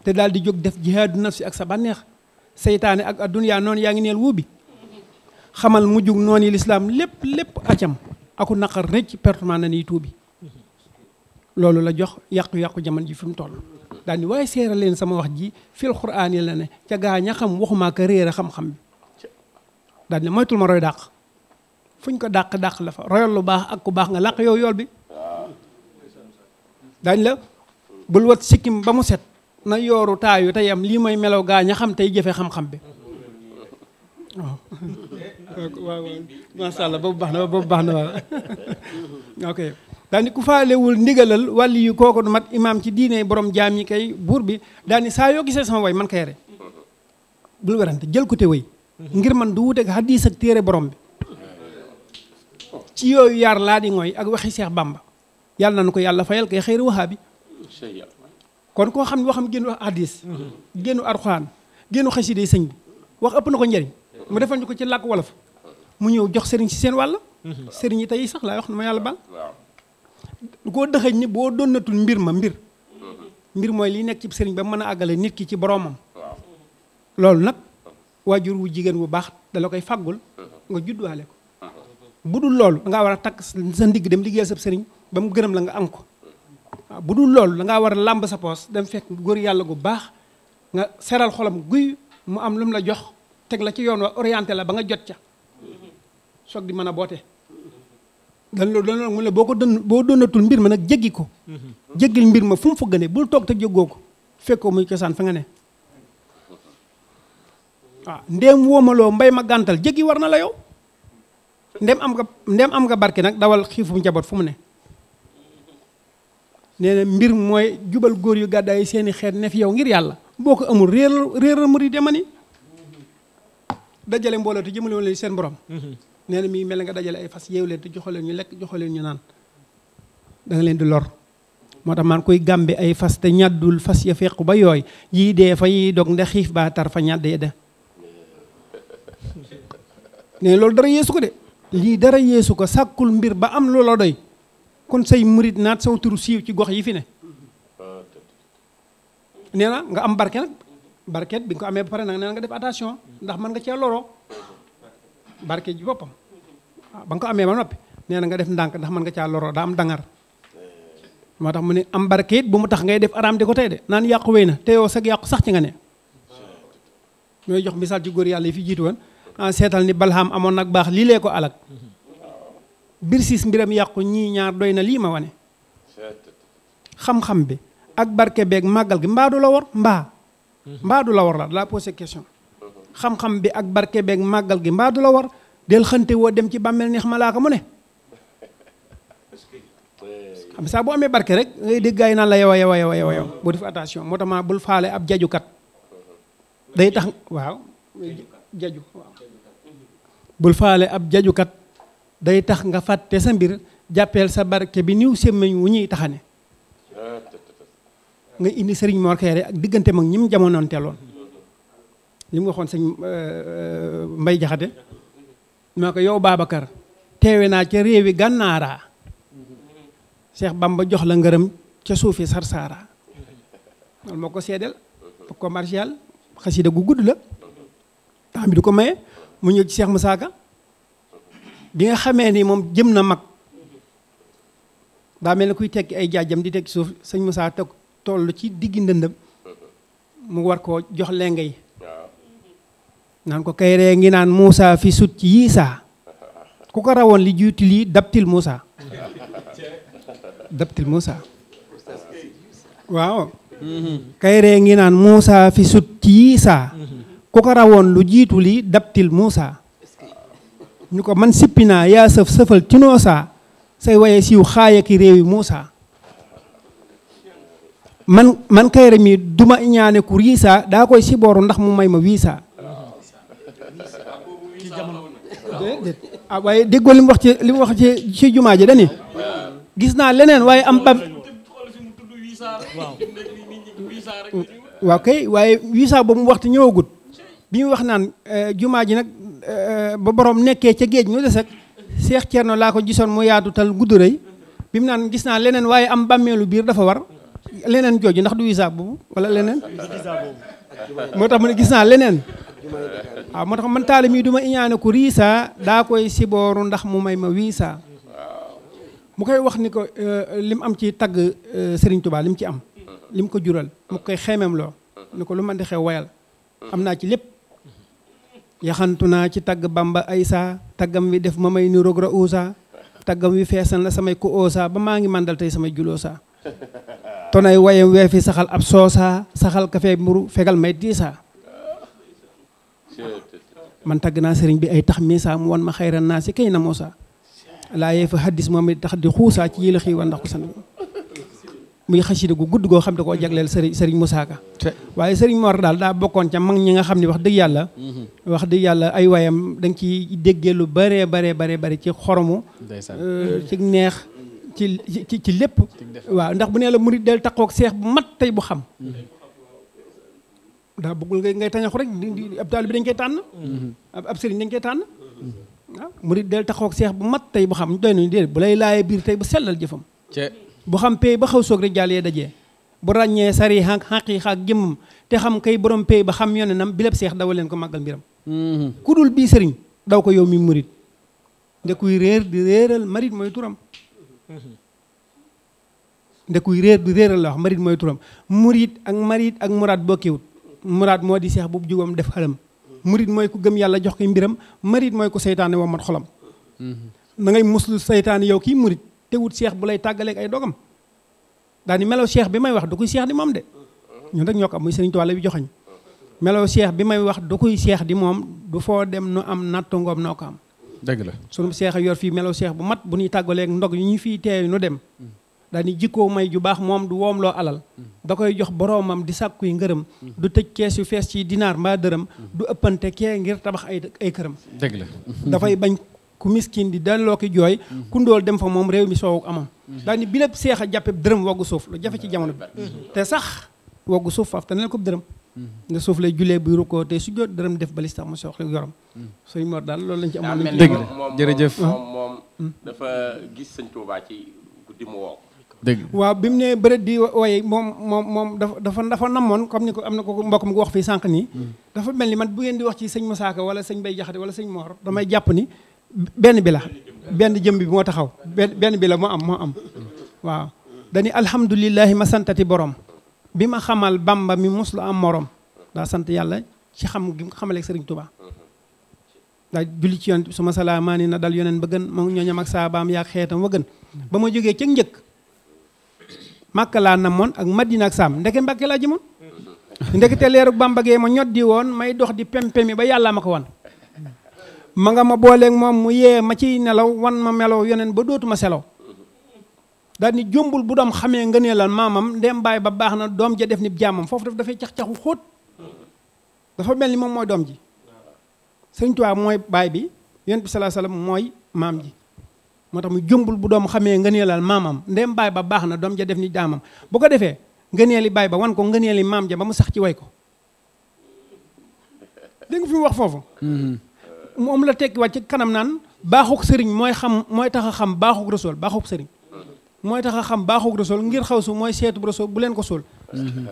te dal di jog def jihad nafsi ak sa banex seytaane ak adunya non yaangi neel wubi xamal mujjug noonu yi lislaam lepp acam aku nakar rëcc pertement na ni tuubi lolou la jox yaq yaq jaman ji fim tollu daal ni waaye seera leen sama wax ji fil xuraan yi la ne ca gaa ña xam waxumaa réer a xam-xam bi daal ni moytul ma roy dàq fuñ ko dàq dàq la fa royal lu baax ak ku baax nga làq yow yool bi dañ la bul wat sikkim ba mu set na yooru taayu tey am lii mooy melow gaaña xam tey jëfe xam-xam bi waaw waaw waaw macha allah boobu baax na boobu na waaw daani ku faalewul ndigalal wàlli yu kooku du mat imaam ci diine borom jaam ñi kay buur bi daani saa yoo gisee sama way man kay re bul werante jël ko te way ngir man du wuteeg hadiis ak téere borom bi ci yooyu yaar laa di ngooy ak waxi Seex Bàmba yàlla nañu ko yàlla fayal kay xëyri wahaabi kon koo xam ne waxam génn wax hadiis génnu Alxuraan génnu xasida yi sëñ bi wax ëpp na ko njëriñ mu defal ñu ko ci làkk wolof mu ñëw jox sëriñ si seen wàll mm-hmm. sëriñ yi tey sax laay lu koo dëxëñ ni boo donnatul mbir ma mbir mbir mooy li nekk ci sëriñ ba mën a àggale nit ki ci boroomam loolu nag waajur wu jigéen bu baax dala koy faggul nga judduwaale ko bu dul loolu da ngaa war a takk sa ndigg dem liggéeyal sa sëriñ ba mu gërëm la nga am ko bu dul loolu da ngaa war a làmb sa poos dem fekk góor yàlla bu baax nga seral xolam guy mu am lum la jox teg la ci yoon wa orienté la ba nga jot ca soog di mën a boote dañ la dañ la ne boo ko doon boo doonatul mbir ma nag jéggi ko. Mhm. jéggil mbir ma fu mu fa gënee bul toog te jéggoo ko fekkoo muy cosaan fa nga ne. waaw ah, ndéem woomaloo mbay ma gàntal jéggi war na la yow. ndem am nga ndem am nga barke nag dawal xiifu njaboot fu mu ne. nee na mbir mooy jubal góor yu gàddaay seeni xeet ne fi yow ngir yàlla boo ko amul réeral réeral murid yi dama ni mhm. dajale mbooloo te jëmale woon seen borom. Mhm. nee mii mi ngi mel nga dajale ay fas yeew leen te joxo leen ñu lekk joxo leen ñu naan da leen di lor moo tax man koy gàmbe ay fas te ñàddul fas ya feq ba yooy yii dee fa yii dog nda xiif baa tar fa ñàdd ya de ne loolu dara yéesu ko de lii dara yéesu ko sàkkul mbir ba am loola doy kon say murit naat saw turu siiw ci gox yi fi ne nee na nga am barke nag barket bi nga ko amee ba pare nag nee na nga def attention ndax mën nga cee loroo barke ji bopam ah, ba nga ko amee ba noppi néna nga def ndank ndax man nga caa loro da am dangar motax tax mu am barke bu mu tax ngay def aram di ko de nan yaq wéy na te yow sag yàqu sax ci nga ne ñoy jox misal ci gor yalla fi jitu won en ah, sétal ni balham amon nak bax li lé ko bir birsis mbiram yaq ñi ñaar doyna li ma wane xam-xam bi ak barke bek magal gi mbaa du la wor mbaa mbaa du la wor la la poser question xam-xam bi ak barke beeg màggal gi mbaa la war del xante woo dem ci bàmmeel neex malaaka mu ne xam saa bu amee barke rek ngay dégg gaay naan la yow yow yow yow yow boo def attention moo bul faale ab jajukat day tax waaw jaju waaw bul faale ab jajukat day tax nga fàtte sa mbir jàppeel sa barke bi niw semmeñ wu ñuy taxane nga indi sëriñ Mor ak diggante mag ñim jamonoon li waxoon sëñ Mbay Jaxate maa ko yow Babacar teewe naa ca réewi gànnaaraa Cheikh Bamba jox la ngërëm ca suufi sarsaara loolu moo ko seedeel commercial xasida gu gudd la temps bi ko maye mu ñëw ci Cheikh Moussa bi nga xamee ni moom jëm na mag daa mel ni kuy tekki ay jaajam di tekki suuf sëñ Moussa toog toll ci diggi ndëndam mu war koo jox lengay naan ko kay ngi naan muusaa fi sut yii saa ku ko rawoon ngi naan Moussa fi sut yii rawoon lu jiitu lii dabtil Moussa ñu ko man sippi naa yaa sëf sëfal ci noo saa say waye siiw xaaya ki réew yi Moussa man man kayre mi duma ñaane ku riisa daa koy sibooru ndax mu may ma wiisa ci jamono waaye déggoo li mu wax ci li mu wax ci jumaa ji dani gis naa leneen waaye am bam waaw kay waaye wiisa ba mu waxtu ñëwagut bi mu wax naan eh, jumaa ji nag eh, ba borom nekkee ca géej ñu des ak Cheikh Thierno laa ko gisoon mu yaatu tal gudd rey bi mu naan gis naa leneen waaye am bàmmeelu biir dafa war leneen jooju ndax du wiisa boobu wala leneen moo tax mu ne gis naa leneen waaw moo tax man iya mii duma ma ko risa da koy siboru ndax mu may ma wisa mu koy wax ni ko eh, lim am ci tag eh, Serigne Touba lim ci am lim ko jural mu koy xemem lo ni ko lu man di xew wayal amna ci lepp yaxantu ci tag Bamba aïssa tagam wi def ma may ni rogra ousa tagam wi feesan la samay ko oosa ba ma ngi mandal tay samay juloosa tonay wayam wefi saxal ab sosa saxal kafe muru fegal may diisa man tagg naa sëriñ bi ay tax miisaa mu wan ma xayran naa si kay na moosaa laa yee fa haddis moom it tax di xuusaa ci yéla xii wan ndax ko sant muy xasida gu gudd goo xam da koo jagleel sëriñ sëriñ Moussa Ka waaye sëriñ Mor daal daa bokkoon ca mag ñi nga xam ne wax dëgg yàlla mm-hmm. wax dëgg yàlla ay wayam da nga ciy déggee lu bëree baree baree bëri ci xoromu euh, ci neex ci ci ci lépp waaw ndax bu nee la mu del taqoog seex bu mat tey bu xam mm-hmm. daa bëggul ngay ngay tañaxu rek ab taal bi dañ koy tànn. Mm-hmm. ab sëriñ dañ koy tànn. waaw ah, murid taxaw seex bu mat tey bu xam doy nañu déedéet bu lay laayee biir tey bu sellal jëfam. bu xam pay ba xaw soog rek jàll yee dajee. bu ràññee sari xaq xaqiiqa ak jëmmam te xam kay borom pay ba xam yonenam bileb seex daw leen ko màggal mbiram. Mm-hmm. ku dul bii sëriñ daw ko yow mi murid ndekuy réer di réeral marit mooy turam. ndekuy réer di réeral la wax marit mooy turam murid ak marit ak muraad Murad moo di cheikh bu jubam def xalam murid mooy ku gëm yàlla jox ko mbiram marit mooy ku seytaane wamat xolam na mm-hmm. ngay muslu seytaane yow kii murid te wut seex bu lay tàggaleeg ay dogam daal ni melo cheikh bi may wax du koy di moom de ñun rek ñoo ko am muy sëriñ Tuubaa bi joxañ melo cheikh bi may wax du koy di moom du foo dem nu am natto ngoom noo ko am dëgg la sunu cheikh yor fii melo cheikh bu mat bu ñuy tàggaleeg ndog yu ñu fii teeyu nu dem mm. daani jikkoo may ju baax moom du loo alal da koy jox boroomam di sàkkuy ngërëm du tëj kees yu fees ci dinaar mbaa dërëm du ëppante kee ngir tabax ay ay këram dëgg la dafay bañ ku miskin di delloo ki jooy ku ndóol dem fa moom réew mi soowu amam daani bi lépp seex a jàppe dërëm waggu suuf lu jafe ci jamono bi te sax waggu suuf faaf te neen ko dërëm nga suuf lay julee buy rukkoo te su jot dërëm def balis tax mu sox yorom sëñ Mor daal loolu lañ ci amoon dëgg la jërëjëf moom hmm. dafa gis sëñ Tuubaa ci wa bim mu nee bëreet di way mom mom mom dafa dafa namon comme ni ko am ko mbokk mi ko wax fi sank ni dafa melni man bu ngeen di wax ci seigne moussaka wala seigne Bay jaxati wala seigne mor damay japp ni benn bi la benn jëm bi mo taxaw benn bi la mo am mo am wa dani alhamdullilah ma santati borom bima xamal Bamba mi muslu am morom da sant yalla ci xam gi nga xamaleeg sëriñ julli ci yonent suma na dal yoneen ba gën moom ñooñam ak baam ya xeetam wa gën ba ma ci Màkka na moon ak Madina ak Saam ndeke Mbàkke laa jëmoon ndekete leerug Bàmba gee ma ñoddi woon may dox di pempemi ba yàllaa ma ko wan ma nga ma booleeg moom mu yee ma ciy nelaw wan ma melow yeneen ba dootuma selaw daal ni jombul bu doom xamee nga ne la maamam ndem baay ba baax na doom ja def ni jàmmam foofu daf dafay cax-caxu xóot dafa mel ni moom mooy doom ji Sëriñ mooy baay bi yonent bi salaa salaam mooy maam ji moo tax mu jombul bu doom xamee ngëneelal maamam ndem baay ba baax na doom ja def ni jaamam bu ko defee ngëneeli baay ba wan ko ngëneeli maam ja ba mu sax ci way ko dégg fi mu wax foofu mm-hmm. moom la tekkiwaat ci kanam naan baaxuk sëriñ mooy xam mooy tax a xam baaxuk rasool baaxuk sëriñ mooy tax a xam baaxuk rasool ngir xaw su mooy seetub rasool bu leen ko suul mm-hmm.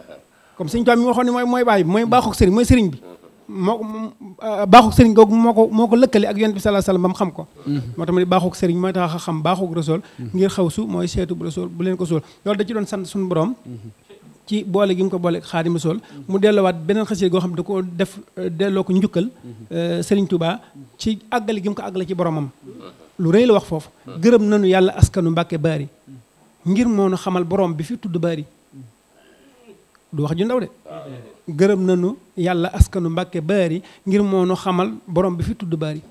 comme sëñ Tuubaa mi waxoon ne mooy mooy baay mooy baaxuk sëriñ mooy sëriñ bi moo ko euh, baaxug sëriñ googu moo ko moo ko lëkkale ak yonent bi sallallahu alayhi wasallam xam ko mm-hmm. moo tamit baaxug sëriñ mooy tax a xam baaxug rasool mm-hmm. ngir xaw su mooy seetu bu rasool bu leen ko suul loolu da ci doon sant suñu borom mm-hmm. ci boole gi ko boole Xaadimu Rasuul mu delloowaat beneen xasida goo xam ne da ko def euh, delloo ko njukkal euh, Serigne Touba ci àggale gi ko àggale ci boromam lu rëy la wax foofu gërëm nañu yàlla askanu Mbàkke Baari ngir moo nu xamal boroom bi fi tudd Baari du wax ju ndaw de gërëm nu yàlla askanu mbàkke baari ngir moo nu xamal borom bi fi tudd baari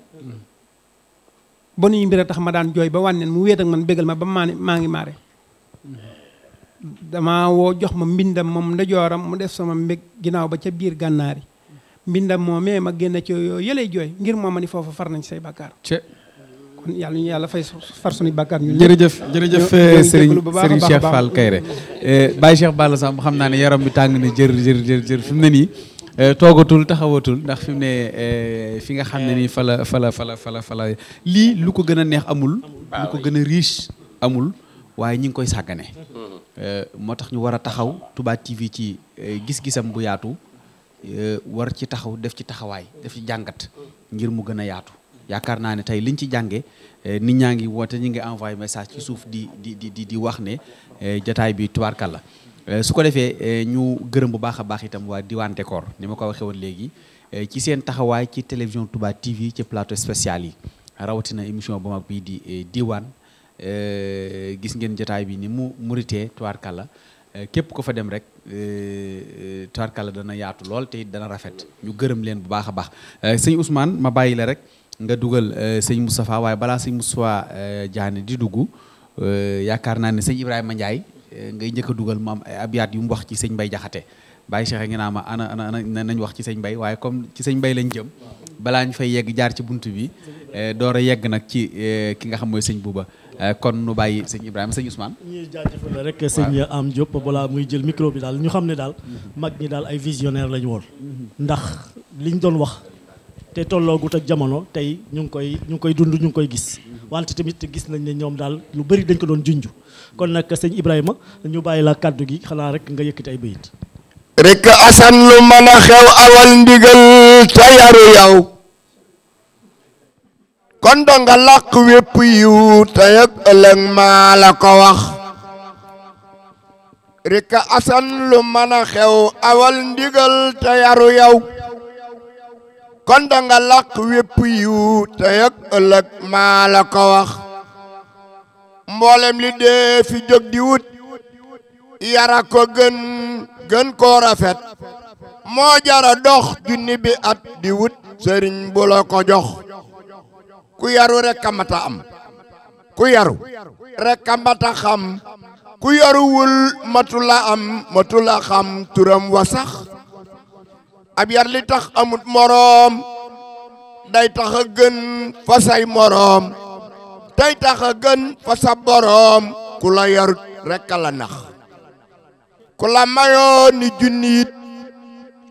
ba nuy mbir a tax ma daan jooy ba wànneen mu wéet ak man bégal ma ba maa maa ngi maare dama woo jox ma mbindam moom ndejooram mu def sama mbég ginnaaw ba ca biir gànnaar yi mbindam moomee ma génn ci yooyu yëlay jooy ngir moo ma ni foofa far nañ say bàkkaar kon yàlla ñu yàlla fay far suñu bàkkaar ñun jërëjëf jërëjëf eh, Serigne Serigne Cheikh Fall Kayré eh, Baye Cheikh Balla Samb xam naa ne yaram bi tàng na jër jër jër jër fi mu ne nii eh, toogatul taxawatul ndax fi mu ne fi nga xam ne nii fala fala fala fala fala lii lu ko gën a neex amul lu ko gën a riche amul waaye ñi ngi koy sàggane moo tax ñu war a taxaw Touba TV ci gis-gisam bu yaatu war ci taxaw def ci taxawaay def ci jàngat ngir mu gën a yaatu yaakaar naa ne tey liñ ci jànge eh, nit ñaa ngi woote ñu ngi envoyé message ci suuf di di di di wax ne eh, jataay bi tubaarkàlla eh, su ko defee ñu gërëm bu baax a baax itam waa diwaan décor ni ma ko waxee woon léegi ci seen taxawaay ci télévision Touba TV ci plateau spécial yi rawatina émission bu mag bii di diwaan gis ngeen jataay bi ni mu muritee tubaarkàlla képp ko fa dem rek tubaarkàlla dana yaatu lool te dana rafet ñu gërëm leen bu baax a baax sëñ Ousmane ma bàyyi la rek nga dugal euh, sëñ Moustapha waaye balaa sëñ Moustapha euh, Diané di dugg euh, yaakaar naa ne sëñ Ibrahima Ndiaye ngay njëkk dugal mu am ay abyaat yu mu wax ci sëñ mbay Jaxate bàyyi Cheikh ngi naa ma ana ana nañ wax ci sëñ Mbaye waaye comme ci sëñ Mbaye lañ jëm balaa ñu fay yegg jaar ci bunt bi door a yegg nag ci ki nga xam mooy sëñ Bouba kon nu bàyyi sëñ Ibrahima sëñ Ousmane. ñuy jaajëfal Am Diop balaa muy jël micro bi daal ñu xam ne daal mhm. mag ñi daal ay visionnaire lañu woon ndax liñ doon wax. te tolloogut ak jamono tay ñung nyungkoi koy ñung koy dund ñung koy gis wante tamit gis nañ ne ñom dal lu bari dañ ko doon junj kon nak sëñ Ibrahima ñu la gi xala rek nga yëkkati ay bayit rek asan lu mën xew awal ndigal tayaru yaw kon do nga laq wepp yu tayab yëg ko wax rek asan lu mën xew awal ndigal tayaru yaw kon da nga làq wépp elek tey ak ëllëg maa ko wax mbollem li de fi jog di wut yara ko gën gën ko rafet mo jara dox junni bi at di wut serign bu la ko jox ku yaru rek kamata mata am ku yaru rek kamata mata xam ku yaru wul matula am matula xam turam wasakh ab yar li tax amut moroom day tax a gën fa say moroom day tax a gën fa sa boroom ku la yarut rekk la nax ku la mayoo ni junni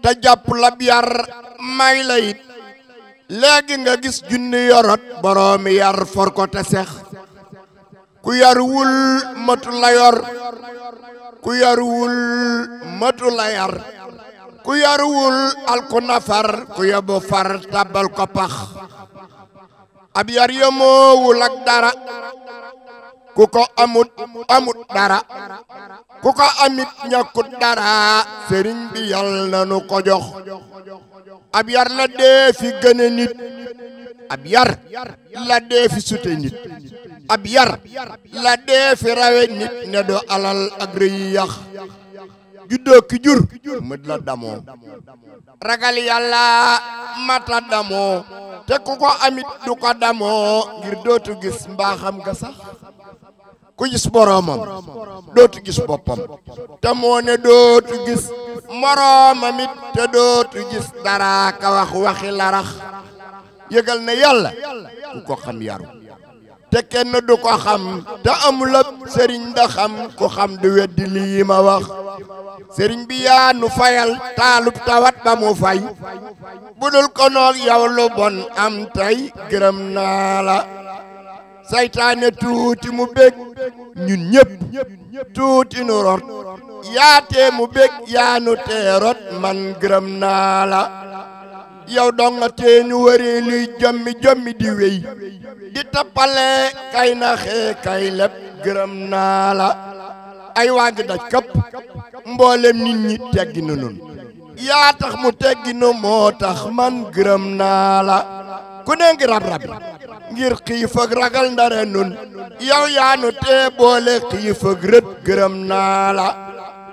te jàpp lab yar may la it nga gis junni yorot boroomi yar for ko te sex ku yaruwul matu la yor ku yaruwul matu la yar ku yaruwul alku nafar ku yóbbu far tàbbal ko pax ab yar yemoowul ak dara ku ko amut amut dara ku ko amit ñàkkut dara sëriñ bi na nu ko ab yar la dee fi ab yar la dee fi ab yar la dee rawe nit ne do alal ak juddoo ki jur mët la damoo ragal yàlla mata te ku ko amit du ko damoo ngir dootu gis mbaaxam nga sax ku gis boroomam dootu gis boppam te moo ne dootu gis moroomam te dootu gis dara ka wax waxi larax yëgal na yàlla ku ko xam yaru te kenn du ko xam te amul ab sëriñ da xam ku xam du weddi lii ma wax sëriñ bi yaa nu fayal taalub tawat ba mu fay budul ko noog yow lu bon am tey gërëm naa la saytaane tuuti mu bég ñun ñëpp tuuti nu rot yaatee mu bég yaanu tee rot man gërëm naa la yow dong tee ñu wëree jommi jommi di wéy di tappale kay naxee gërëm naa la ay waa gi daj këpp mboolem nit ñi teggi na nun yaa tax mu teggi nu moo tax man gërëm naa la ku ne ngi rab-rabi ngir xiif ragal ndare nun yow yaanu tee boole xiif rët gërëm naa la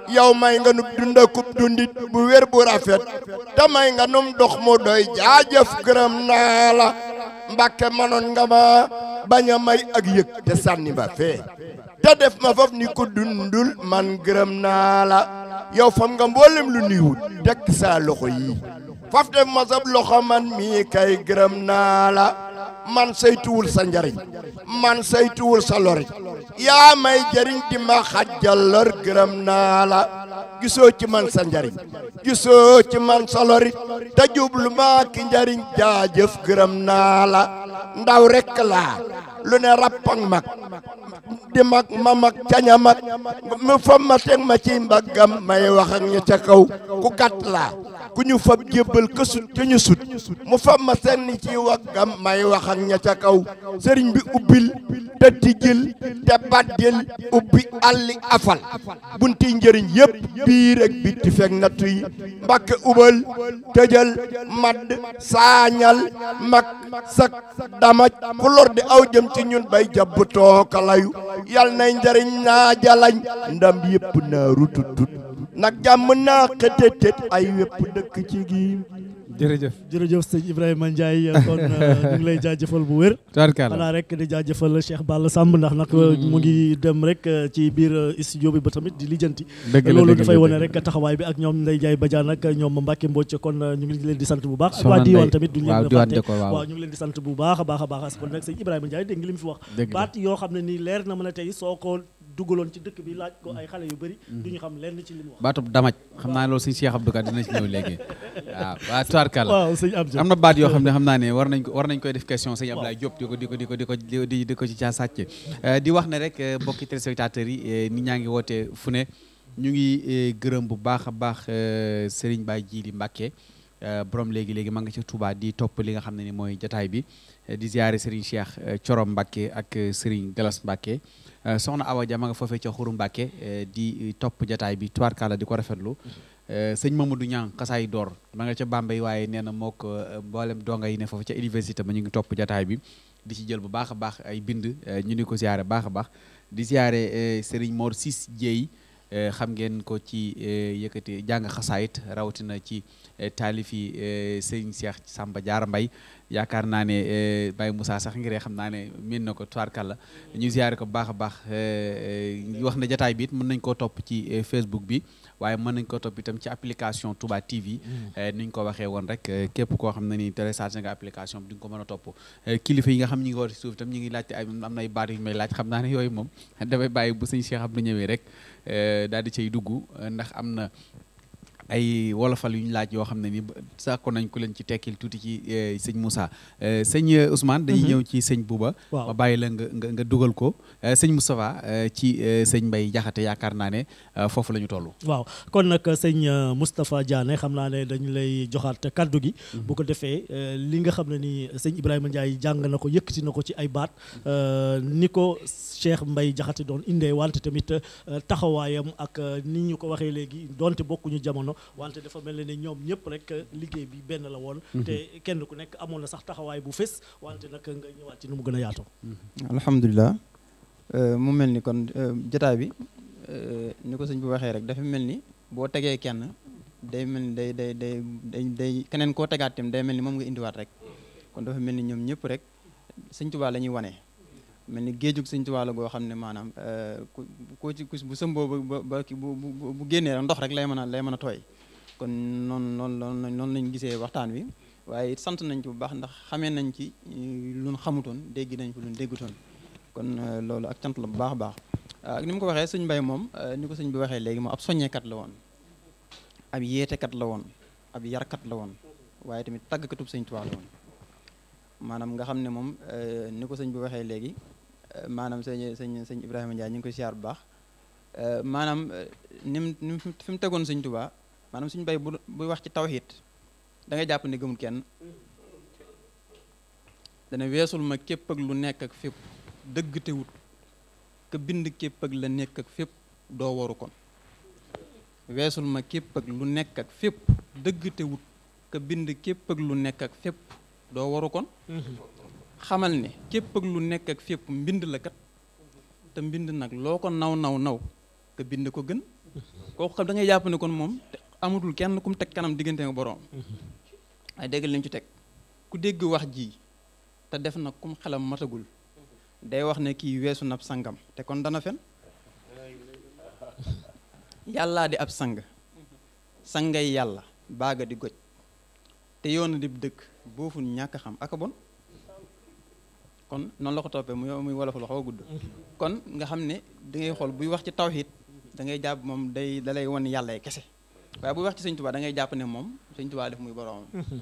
yow may nga nu dundakub dundit bu wér bu rafet te may nga num dox mu doy jaajëf gërëm naa la mbakke manoon nga ma baña may ak yëg te sànni ba fee te def ma faf ni ko dundul man gërëm naa la yow fam nga mboolem lu niwut tekk saa loxo yi faf def ma sab loxo man mii kay gërëm naa la man saytuwul sa njariñ man saytuwul sa lori yaa may jariñ di ma xajjal lor gërëm naa la gisoo ci man sa njariñ gisoo ci man sa lori te jublu maa ki njariñ jaajëf gërëm naa la ndaw rekk laa lu ne rappang mag di mag ma mag caña mag mu fa ma teg ma ciy mbaggam may wax ak ca kaw ku gàtt laa ku ñu fab jébbal ka sut ca ñu sut mu fab ma senn ci waggam may wax ak ca kaw sëriñ bi ubbil te tijjil te baddil ubbi alli afal bunti njëriñ yëpp biir ak bitti fekk nattu yi mbàkke ubal tëjal madd saañal mag sak damaj ku lor di aw jëm ci ñun bay jabb tookalayu yal nay njëriñ naa jalañ ndam yëpp naa rututut nag jàmm naa xëtëtët ay wépp dëkk ci gi jërëjëf jërëjëf sëñ a Ndiaye kon euh, ñu ngi lay jaajëfal bu wér tabarkalla xanaa rek di jaajëfal Cheikh Balla Samb ndax nag euh, mu ngi dem rek euh, ci biir studio bi ba tamit di lijjanti loolu dafay wane rek taxawaay bi ak ñoom Ndeye Ndiaye Badiane ak ñoom Mbacke Mbocc kon ñu ngi leen di sant bu baax ak waa diwaan tamit duñu leen fàtte waaw ñu di sant bu baax a baax baax kon nag sëñ Ibrahima Ndiaye wax baat yoo xam ne nii leer na mën a tey soo ko dugaloon ci dëkk bi laaj ko mm. ay xale yu bëri. Mm. du ñu xam lenn ci li mu wax. damaj xam naa loolu sëñ Cheikh Abdou Ka dina ci ñëw léegi waaw waaw tubaarkàl am na baat yoo xam ne xam naa ne war nañ ko war nañ koy def question sëñ Abdoulaye Diop di ko di ko di ko di ko di di ko ci caa sàcc euh, di wax ne rek euh, mbokki téléspectateurs yi euh, ni ñaa ngi woote fu ne ñu ngi gërëm bu baax a baax Serigne Baye Djili mbakke borom léegi léegi ma nga ca Touba di topp li nga xam ne ni mooy jataay bi di ziare Serigne Cheikh Corom Mbacke ak Serigne Galas Mbacke Euh, soxna Awa Dia foofe nga foofee ca Xuru Mbàkke euh, di topp jataay bi tubaarkàlla di ko rafetlu euh, sëñ Mamadou Niang xasaay door ma nga ca Bambey waaye nee na mook mboolem donga yi ne foofu ca université ma ñu ngi topp jataay bi di ci jël bu baax a baax ay bind ñu ni ko siyaare baax a baax di siyaare Serigne moor Sis Dieye Eh, xam ngeen ko ci eh, yëkkati jàng xasaayit rawatina ci eh, taalifi sëñ Cheikh Samba Diarra mbay yaakaar naa ne Baye Moussa sax ngiree xam naa ne miin na ko tubaarkàlla ñu ziare ko bu baax a baax wax na jataay biit mun nañ koo topp ci Facebook bi waaye mën nañ ko topp itam ci application Touba TV mm-hmm. eh, ni ñu ko waxee woon rek eh, képp koo xam ne ni téléchargé nga application bi di ko mën a topp eh, kilifa yi nga xam ñi ngi war ci suuf itam ñi ngi laajte ay am nay baat yu may laaj xam naa yooyu moom damay bàyyi bu sëñ Cheikh Abdou ñëwee rek daal di cay dugg ndax am na ay wolofal yu laaj yoo xam ne ni sàkkoon nañ ku leen ci tekkil tuuti ci eh, sëñ Moussa eh, sëñ eh, usmaan dañuy mhm. ñëw ci sëñ Bouba ma bàyyi la nga nga nga dugal ko sëñ Moustapha ci sëñ Mbaye Jaxate yaakaar naa ne foofu la ñu toll kon nag sëñ Moustapha Diané xam naa ne dañu lay joxaat kaddu gi mhm. bu ko defee li nga xam ne ni sëñ Ibrahima Ndiaye jàng na ko yëkkati na ko ci ay baat mhm. ni ko Cheikh mbay Jaxate doon indee wante tamit taxawaayam ak ni ñu ko waxee léegi donte bokkuñu jamono wante dafa mel ne ñoom ñëpp rek liggéey bi benn la woon mhm. te kenn ku nekk amoon na sax taxawaay bu fés wante nag nga ñëwaat ci nu mu gën a yaatoo mhm. alhamdulilah euh, mu mel ni kon euh, jotaay bi euh, ni ko sëñ bu waxee rek dafa mel ni boo tegee kenn day mel ni day day day day day keneen koo tegaat tam day mel ni moom nga indiwaat rek kon dafa mel ni ñoom ñëpp rek sëñ Tuubaa la ñuy wane mel ni géejug sëñ Tuubaa la goo xam ne maanaam euh, ku ci kus bu sëmboo ba ba bu bu génnee rek ndox rek lay mën a lay mën a tooy kon noonu noonu noonu lañ gisee waxtaan wi waaye sant nañ ci bu baax ndax xamee nañ ci euh, luñ xamutoon déggi nañ ko luñ déggutoon kon euh, loolu ak cant la bu baax a baax ak ni mu ko waxee sëñ Mbay moom ni ko sëñ bi waxee léegi moom ab soñeekat la woon ab yeetekat la woon ab yarkat la woon waaye tamit tàggkatub sëñ Tuubaa la woon maanaam nga xam ne moom ni ko sëñ bu waxee léegi Euh, maanaam sëñ sëñ sëñ Ibrahima Ndiaye ñu ngi koy siyaar bu baax euh, maanaam ni mu euh, ni mu fi mu tegoon sëñ Tuubaa maanaam suñu bay bu buy wax ci tawhid da ngay jàpp ni gëmul kenn dana weesul ma képp ak lu nekk ak fépp dëgg te wut ka bind képp ak la nekk ak fépp doo waru kon weesul ma képp ak lu nekk ak fépp dëgg te bind képp ak nekk ak fépp doo waru kon mm-hmm. xamal ne képp ak lu nekk ak fépp mbind la kat te mbind nag loo ko naw naw naw te bind ko gën kooku xam da jàpp ne kon moom amatul kenn kum teg kanam diggante ak boroom ay dégg li ci teg ku dégg wax ji te def nag kum xelam matagul day wax ne kii weesu na ab sangam te kon dana fen yàllaa di ab sang sangay yàlla baaga di goj te yoona dib dëkk booful ñàkk xam aka bon kon noonu la ko toppee muy muy wolofal xaw a gudd mm-hmm. kon nga xam ne da ngay xool buy wax ci tawxiid da ngay jàpp moom day da lay wan yàlla kese waaye buy wax ci sëñ Tuubaa dangay jàpp ne moom sëñ Tuubaa def muy boroom mm-hmm.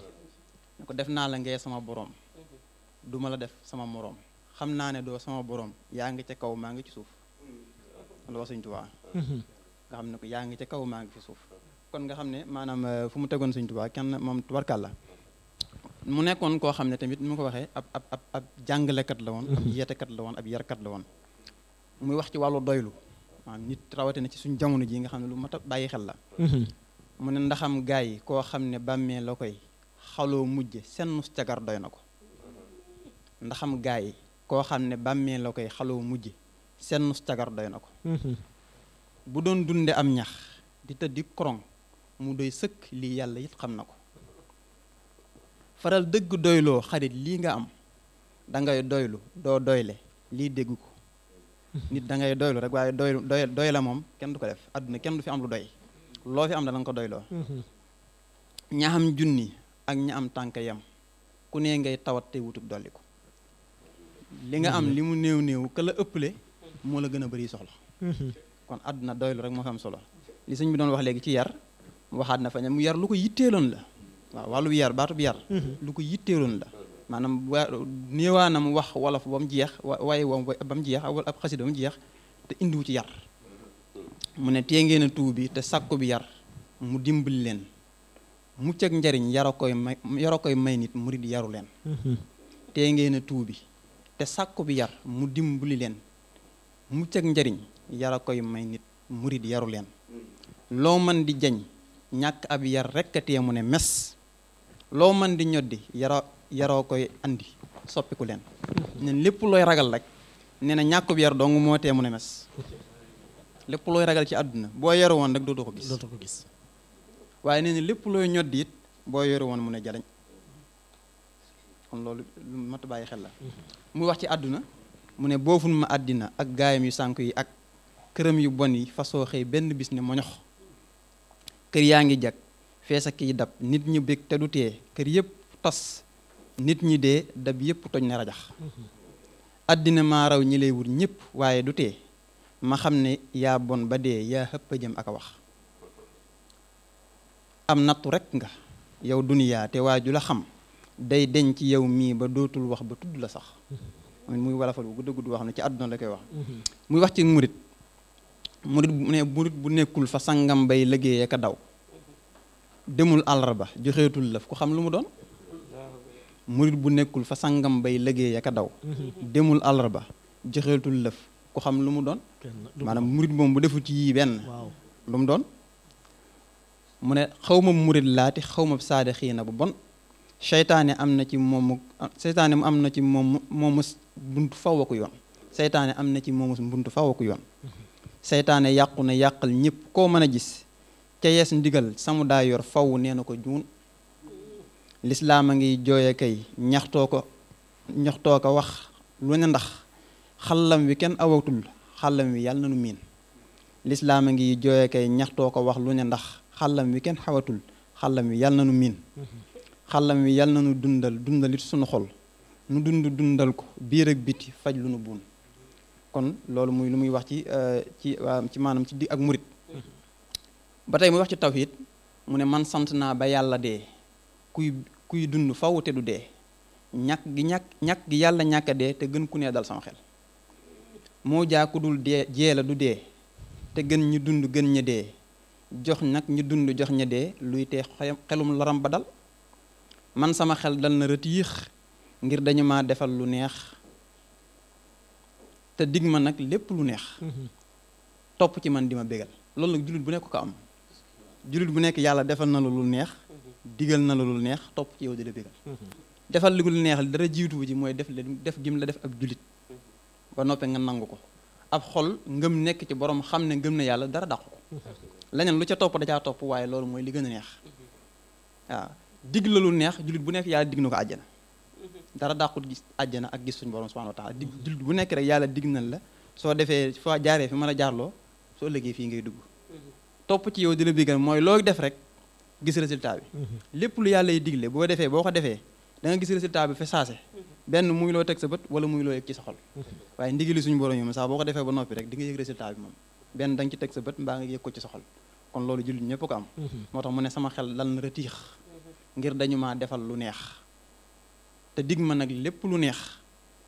ne ko def naa la ngay sama boroom mm-hmm. duma la def sama moroom xam naa ne doo sama boroom yaa ngi ca kaw maa ngi ci suuf loolu wax sëñ Tuubaa nga xam ne ko yaa ngi ci kaw maa ngi ci suuf kon nga xam ne maanaam eh, fu mu tegoon sëñ Tuubaa kenn moom tubarkàlla mu nekkoon koo xam ne tamit ni mu ko waxee ab ab ab jàngalekat la woon ab yeetekat la woon ab yarkat la woon muy wax ci wàllu doylu waaw nit rawatina ci suñu jamono jii nga xam ne lu mat a bàyyi xel la mm-hmm. mu ne ndaxam gaa yi koo xam ne bàmmee la koy xaloo mujje sennus cagar doy na ko ndaxam gaa yi koo xam ne bàmmee la koy xaloo mujje sennus cagar doy na ko mm-hmm. bu doon dunde am ñax di tëddi korong mu doy sëkk lii yàlla it xam na ko faral dëgg doyloo xarit lii nga am da ngay doylu doo doyle lii dégg ko nit dangay ngay doylu rek waaye doy doy doy la moom kenn du ko def adduna kenn du fi am lu doy loo fi am da nga ko doyloo mhm. ña am junni ak ña am tànk yem ku ne ngay tawat te wutub dolliku li nga am mhm. li mu néew néew ka la ëpple moo la gën a bari soxla mhm. kon àdduna doylu rek moo fi am solo li sëñ bi doon wax léegi ci yar waxaat na fa ne mu yar lu ko yitteeloon la walu yar baatub mhm. luku lu ko yitteeloon la manam wa wax wala ba jeex waye wam bam jeex awal ab xasida jeex te wu ci yar mune ne tee ngeen a tuubi te sakku bi yar mu len leen mucc ak njariñ yarokoy yarokoy may nit murid yarul len tee tuubi te sakku bi yar mu dimbali leen mucc ak njariñ yarokoy may nit murid yarul len lo man di jagn ñak ab yar rek te mu ne mes loo man di ñoddi yara yaroo koy andi soppiku leen nen lépp looy ragal rek nee na ñàkkub yar dong moo tee mu ne mes lépp looy ragal ci àdduna boo yaru woon rek dootoo ko gis dootoo ko gis waaye nee na lépp looy ñoddi it boo yaru woon mu ne jariñ kon loolu lu xel la wax ci àdduna mu ne boofun ma àddina ak gaayam yu sànk yi ak këram yu bon yi fasoo xëy benn bis ne moñox kër yaa ngi jag fees ak yi dab nit ñi bég te du tee kër yëpp tas nit ñi dee dab yëpp toj na rajax àddina maa raw ñi lay wut ñëpp waaye du tee ma xam ne yaa bon ba dee yaa xëpp jëm ak wax am nattu rek nga yow duniyaa waa ju la xam day deñ ci yow mii ba dootul wax ba tudd la sax muy walafal bu gudd gudd wax ne ci àdduna la koy wax muy wax ci murit murit bu nekkul fa sangam bay liggéeyee ka daw demul àllarba joxeetul lëf ko xam lu mu don murit bu nekkul fa sangam bay legge ya ka daw demul àllarba joxeetul lëf ko xam lu mu don manam murit mom bu defu ci yii benn lu mu don mune xawma xaw lati xawma sadikhina na bu bon seytaane amna ci mom seytaane amna ci mom mom buntu faw aku yoon seytaane ci mom buntu faw aku yoon seytaane yàqal ñep ko meuna gis ca yees ndigal samu daa faw nee na ko juun lislaam a ngi jooye kay ñaxtoo ko ñaxtoo ko wax lu ne ndax xalam wi kenn awatul xalam wi yàlla na nu miin lislaam a ngi jooye ñaxtoo ko wax lu ndax xalam wi kenn xawatul xalam wi yàlla na nu miin xalam wi yàlla dundal dundalit sunu xol nu dund dundal ko biir ak biti faj lu nu buun kon loolu muy lu muy wax ci euh, ci ci maanaam ci di ak murit ba tey muy wax ci tawhid mu ne man sant na ba yalla de kuy kuy dund faw te du de ñak gi ñak ñak gi yalla ñaka de te gën ku ne dal sama xel mo ja ku dul de jee la du de te gën ñu dund gën ñe de jox nak ñu dund jox ñe de luy te xelum laram badal, man sama xel dal na rëtiix ngir dañu ma defal lu neex te dig nak lepp lu neex mm-hmm. top ci man dima ma lolou nak julit bu nekk ko am jullit bu nekk yàlla defal na la lu neex digal na la lu neex topp ci yow di la bégal defal li lu neex dara jiituwu ji mooy def def gim la def ab jullit ba noppee nga nangu ko ab xol ngëm nekk ci borom xam ne ngëm ne yàlla dara dàqu ko leneen lu ca topp da caa topp waaye loolu mooy li gën a neex waaw dig la lu neex jullit bu nekk yàlla digg na ko àjjana dara dàqut gis àjjana ak gis suñ borom subhanahu wa taala dig jullit bu nekk rek yàlla dig na la soo defee foo jaaree fi mën a jaarloo soo ëllëgee fii ngay dugg top ci yow dina la bigal mooy looy def rek gis résultat bi mhm. lepp lu yalla yi digle bo défé boko défé da nga gis résultat bi fa sasé mhm. ben muy lo tek sa bët wala muy lo yek ci sa xol mhm. waye ndigali suñu borom yi sa boko défé ba nopi rek di nga yek résultat bi mom ben dang ci tek sa bët mba nga yek ko ci sa xol kon lolu jullit ñepp ko am motax mu ne sama xel lan retix ngir dañu ma defal lu neex te digma nak lepp lu neex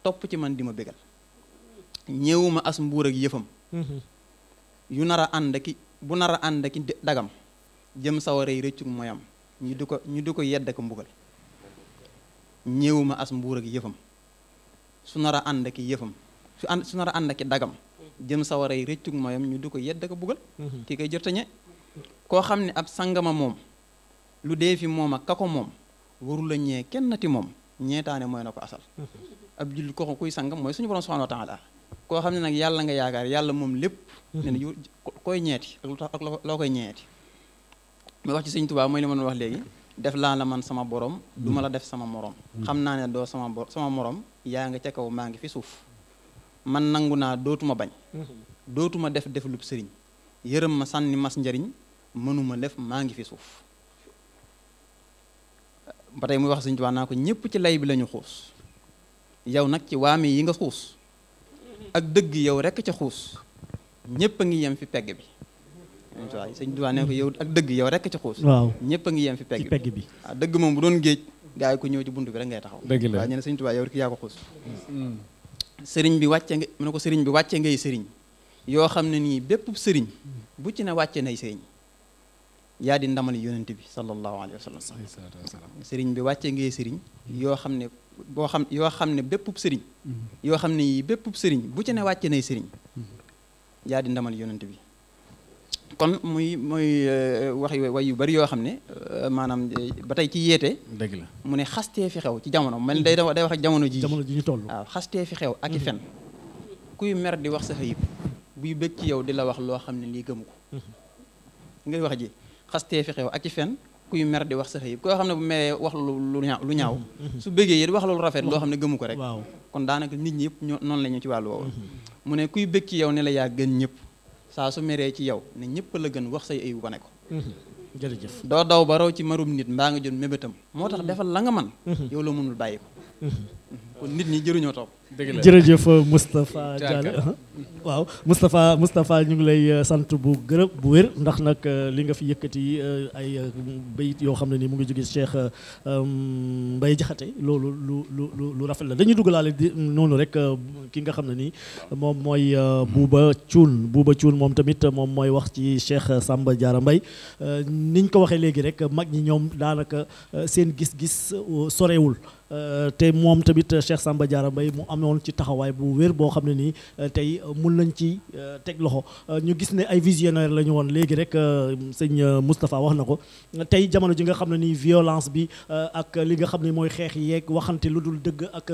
top ci man di ma bégal as mbuur ak yëfam yu nara and ki bu nara and ak dagam jëm sawara yi reccu moyam ñu di ñu di yedd ak mbugal ñewuma as mbur ak yefam su nara and ak yefam su and su nara and ak dagam jëm sawara yi reccu moyam ñu di ko yedd ak mbugal mhm. ki kay ko xamni ab sangama mom lu dee fi moom ak kako mom waru la ñee kenn ti mom ñeetaane moy na ko asal mhm. ab ko kui kuy sangam moy suñu borom subhanahu wa taala ko xam nak yalla nga yaakar yalla mom lepp ne koy ñeeti ak lu ak loo koy ñeeti muy wax ci seigne touba moy ni wax legi def la la man sama borom duma la def sama morom xamna ne do sama bor sama morom ya nga ci kaw ma nga fi suuf man nanguna dotuma bañ dotuma def def lu sëriñ yërëm ma sanni mas njariñ mënuma def ma nga fi suuf batay tey muy wax seigne touba nako ko ci lay bi lañu xoss yow ci waami yi nga xoss ak dëgg yow rek ca xuus ñëpp ngi yem fi pegg bi waaw sëñ Tuubaa ne ko yow ak dëgg yow rek ca xuus waaw ñëpp ngi yem fi pegg bi waaw dëgg moom bu doon géej gaa yi ko ñëw ci bunt bi rek ngay taxaw waaw ñene sëñ Tuubaa yow rek yaa ko xuus mm. sëriñ bi wàcce nga mu ne ko sëriñ bi wàcce ngay sëriñ yoo xam ne nii bépp sëriñ bu ci ne nay sëriñ yaa di ndamal yonent bi sallallahu alayhi wa sallam bi wàcce ngay sëriñ yoo xam ne boo xam yoo xam ne bépp sëriñ mm-hmm. yoo xam ne yi bépp sëriñ bu ci ne mm-hmm. wàcce nay sëriñ mm-hmm. yaa di ndamal yonent bi kon muy muy euh, wax yu way yu bari yoo xam ne euh, maanaam euh, ba tey ci yeete dëgg la mu ne xastee fi xew ci jamono mel day day wax jamono ji jamono ji ñu toll waaw xastee fi xew ak i fen kuy mer di wax sa xëyib buy bëgg ci yow di la wax loo xam ne lii gëmu ko ngay wax ji xastee fi xew ak i fen kuy mer di wax sa xëy koo xam ne bu meree wax lu lu ñaaw mm-hmm. su bëggee it wax lu rafet loo xam ne gëmu ko rek kon daanaka nit ñi yëpp ñoo noonu la ñu ci wàllu woowu mm-hmm. mu ne kuy bëgg ci yow ne la yaa gën ñëpp saa su meree ci yow ne ñëpp la gën wax say ba wane ko mm-hmm. jërëjëf doo daw ba raw ci marum nit mbaa nga jot mébétam moo tax defal la nga man yow la mënul bàyyi ko kon nit ñi jëruñoo topp. dëgg la jërëjëf euh, Moustapha Diallo waaw Moustapha Moustapha ñu ngi lay euh, sant bu gërëm bu wér ndax nag euh, li nga fi yëkkati ay bayit yoo xam ne nii mu ngi jóge Cheikh mbay Jaxate loolu lu lu lu lu rafet la dañuy dugalaale di mm, noonu rek ki nga xam ne nii moom mooy Bouba Thioune Bouba Thioune moom tamit moom mooy wax ci Cheikh Samba Diarra Mbaye niñ ko waxee léegi rek mag ñi ñoom daanaka seen gis-gis sorewul te moom tamit Cheikh Samba Diarra Mbaye mu amoon ci taxawaay bu wér boo xam ne nii euh, tey euh, mun nañ ci euh, teg loxo ñu gis ne ay visionnaire la ñu woon léegi rek sëñ Moustapha wax na ko tey jamono ji nga xam ne nii violence bi ak li nga xam ne mooy xeex yeeg waxante lu dul dëgg ak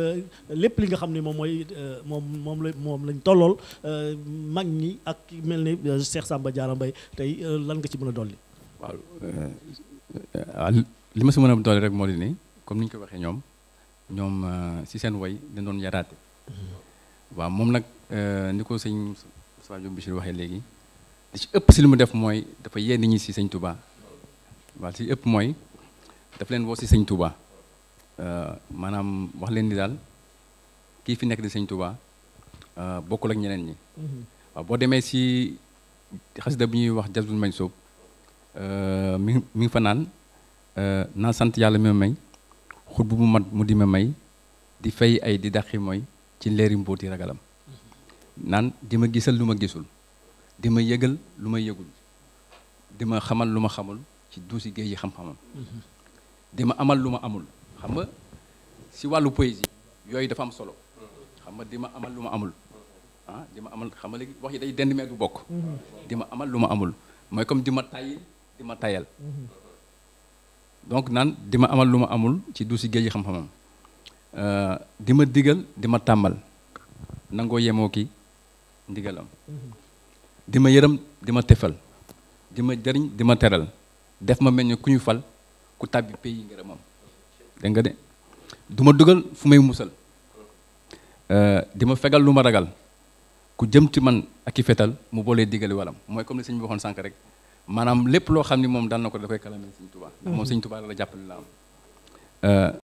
lépp li nga xam ne moom mooy moom moom la moom lañ tollool mag ñi ak mel ni Cheikh Samba Diarra Mbaye tey lan nga ci mën a dolli. waaw li ma si mën a dolli rek moo di ni comme ni ñu ko waxee ñoom. ñoom euh, si seen way dañ doon yaraate waaw moom nag euh, ni ko sëñ Moustapha Diop Bichir waxee léegi li ci ëpp si li mu def mooy dafa yee nit ñi si sëñ Touba waaw li ci ëpp mooy dafa leen woo si sëñ Touba euh, maanaam wax leen ni daal kii fi nekk di sëñ Touba bokkul ak ñeneen ñi mm-hmm. waaw boo demee si xasida bu ñuy wax Jazbul Mansub mi mi ngi fa naan na sant yàlla mi may xut bu mu mat mu di ma may di fay ay di daqi mooy ci leeri mbóoti ragalam naan di ma gisal lu ma gisul di ma yëgal lu ma yëgul di ma xamal lu ma xamul ci duusi géej yi xam-xamam di ma amal lu ma amul xam nga si wàllu poésie yooyu dafa am solo xam nga di ma amal lu ma amul ah di amal xam nga wax yi day dend mee du bokk mm-hmm. di ma amal lu ma amul mooy comme di ma tàyyi di ma tayal mm-hmm. donc naan di ma amal lu ma amul ci du si géej xam-xamam euh, di ma digal di ma tàmmal nangoo yemoo ki ndigalam di ma yërëm di ma tefal di ma jariñ di ma teral def ma mel ni ku ñu fal ku tàbbi pays dégg nga de du ma dugal fu may musal euh, di ma fegal lu ma ragal ku jëm ci man ak i fetal mu boolee diggali walam mooy comme li sëñ bi waxoon sànq rek maanaam lépp loo xam ni moom daan na ko da koy kalame Sëñ Tuubaa moom Sëñ Tuubaa la jàppale la am euh,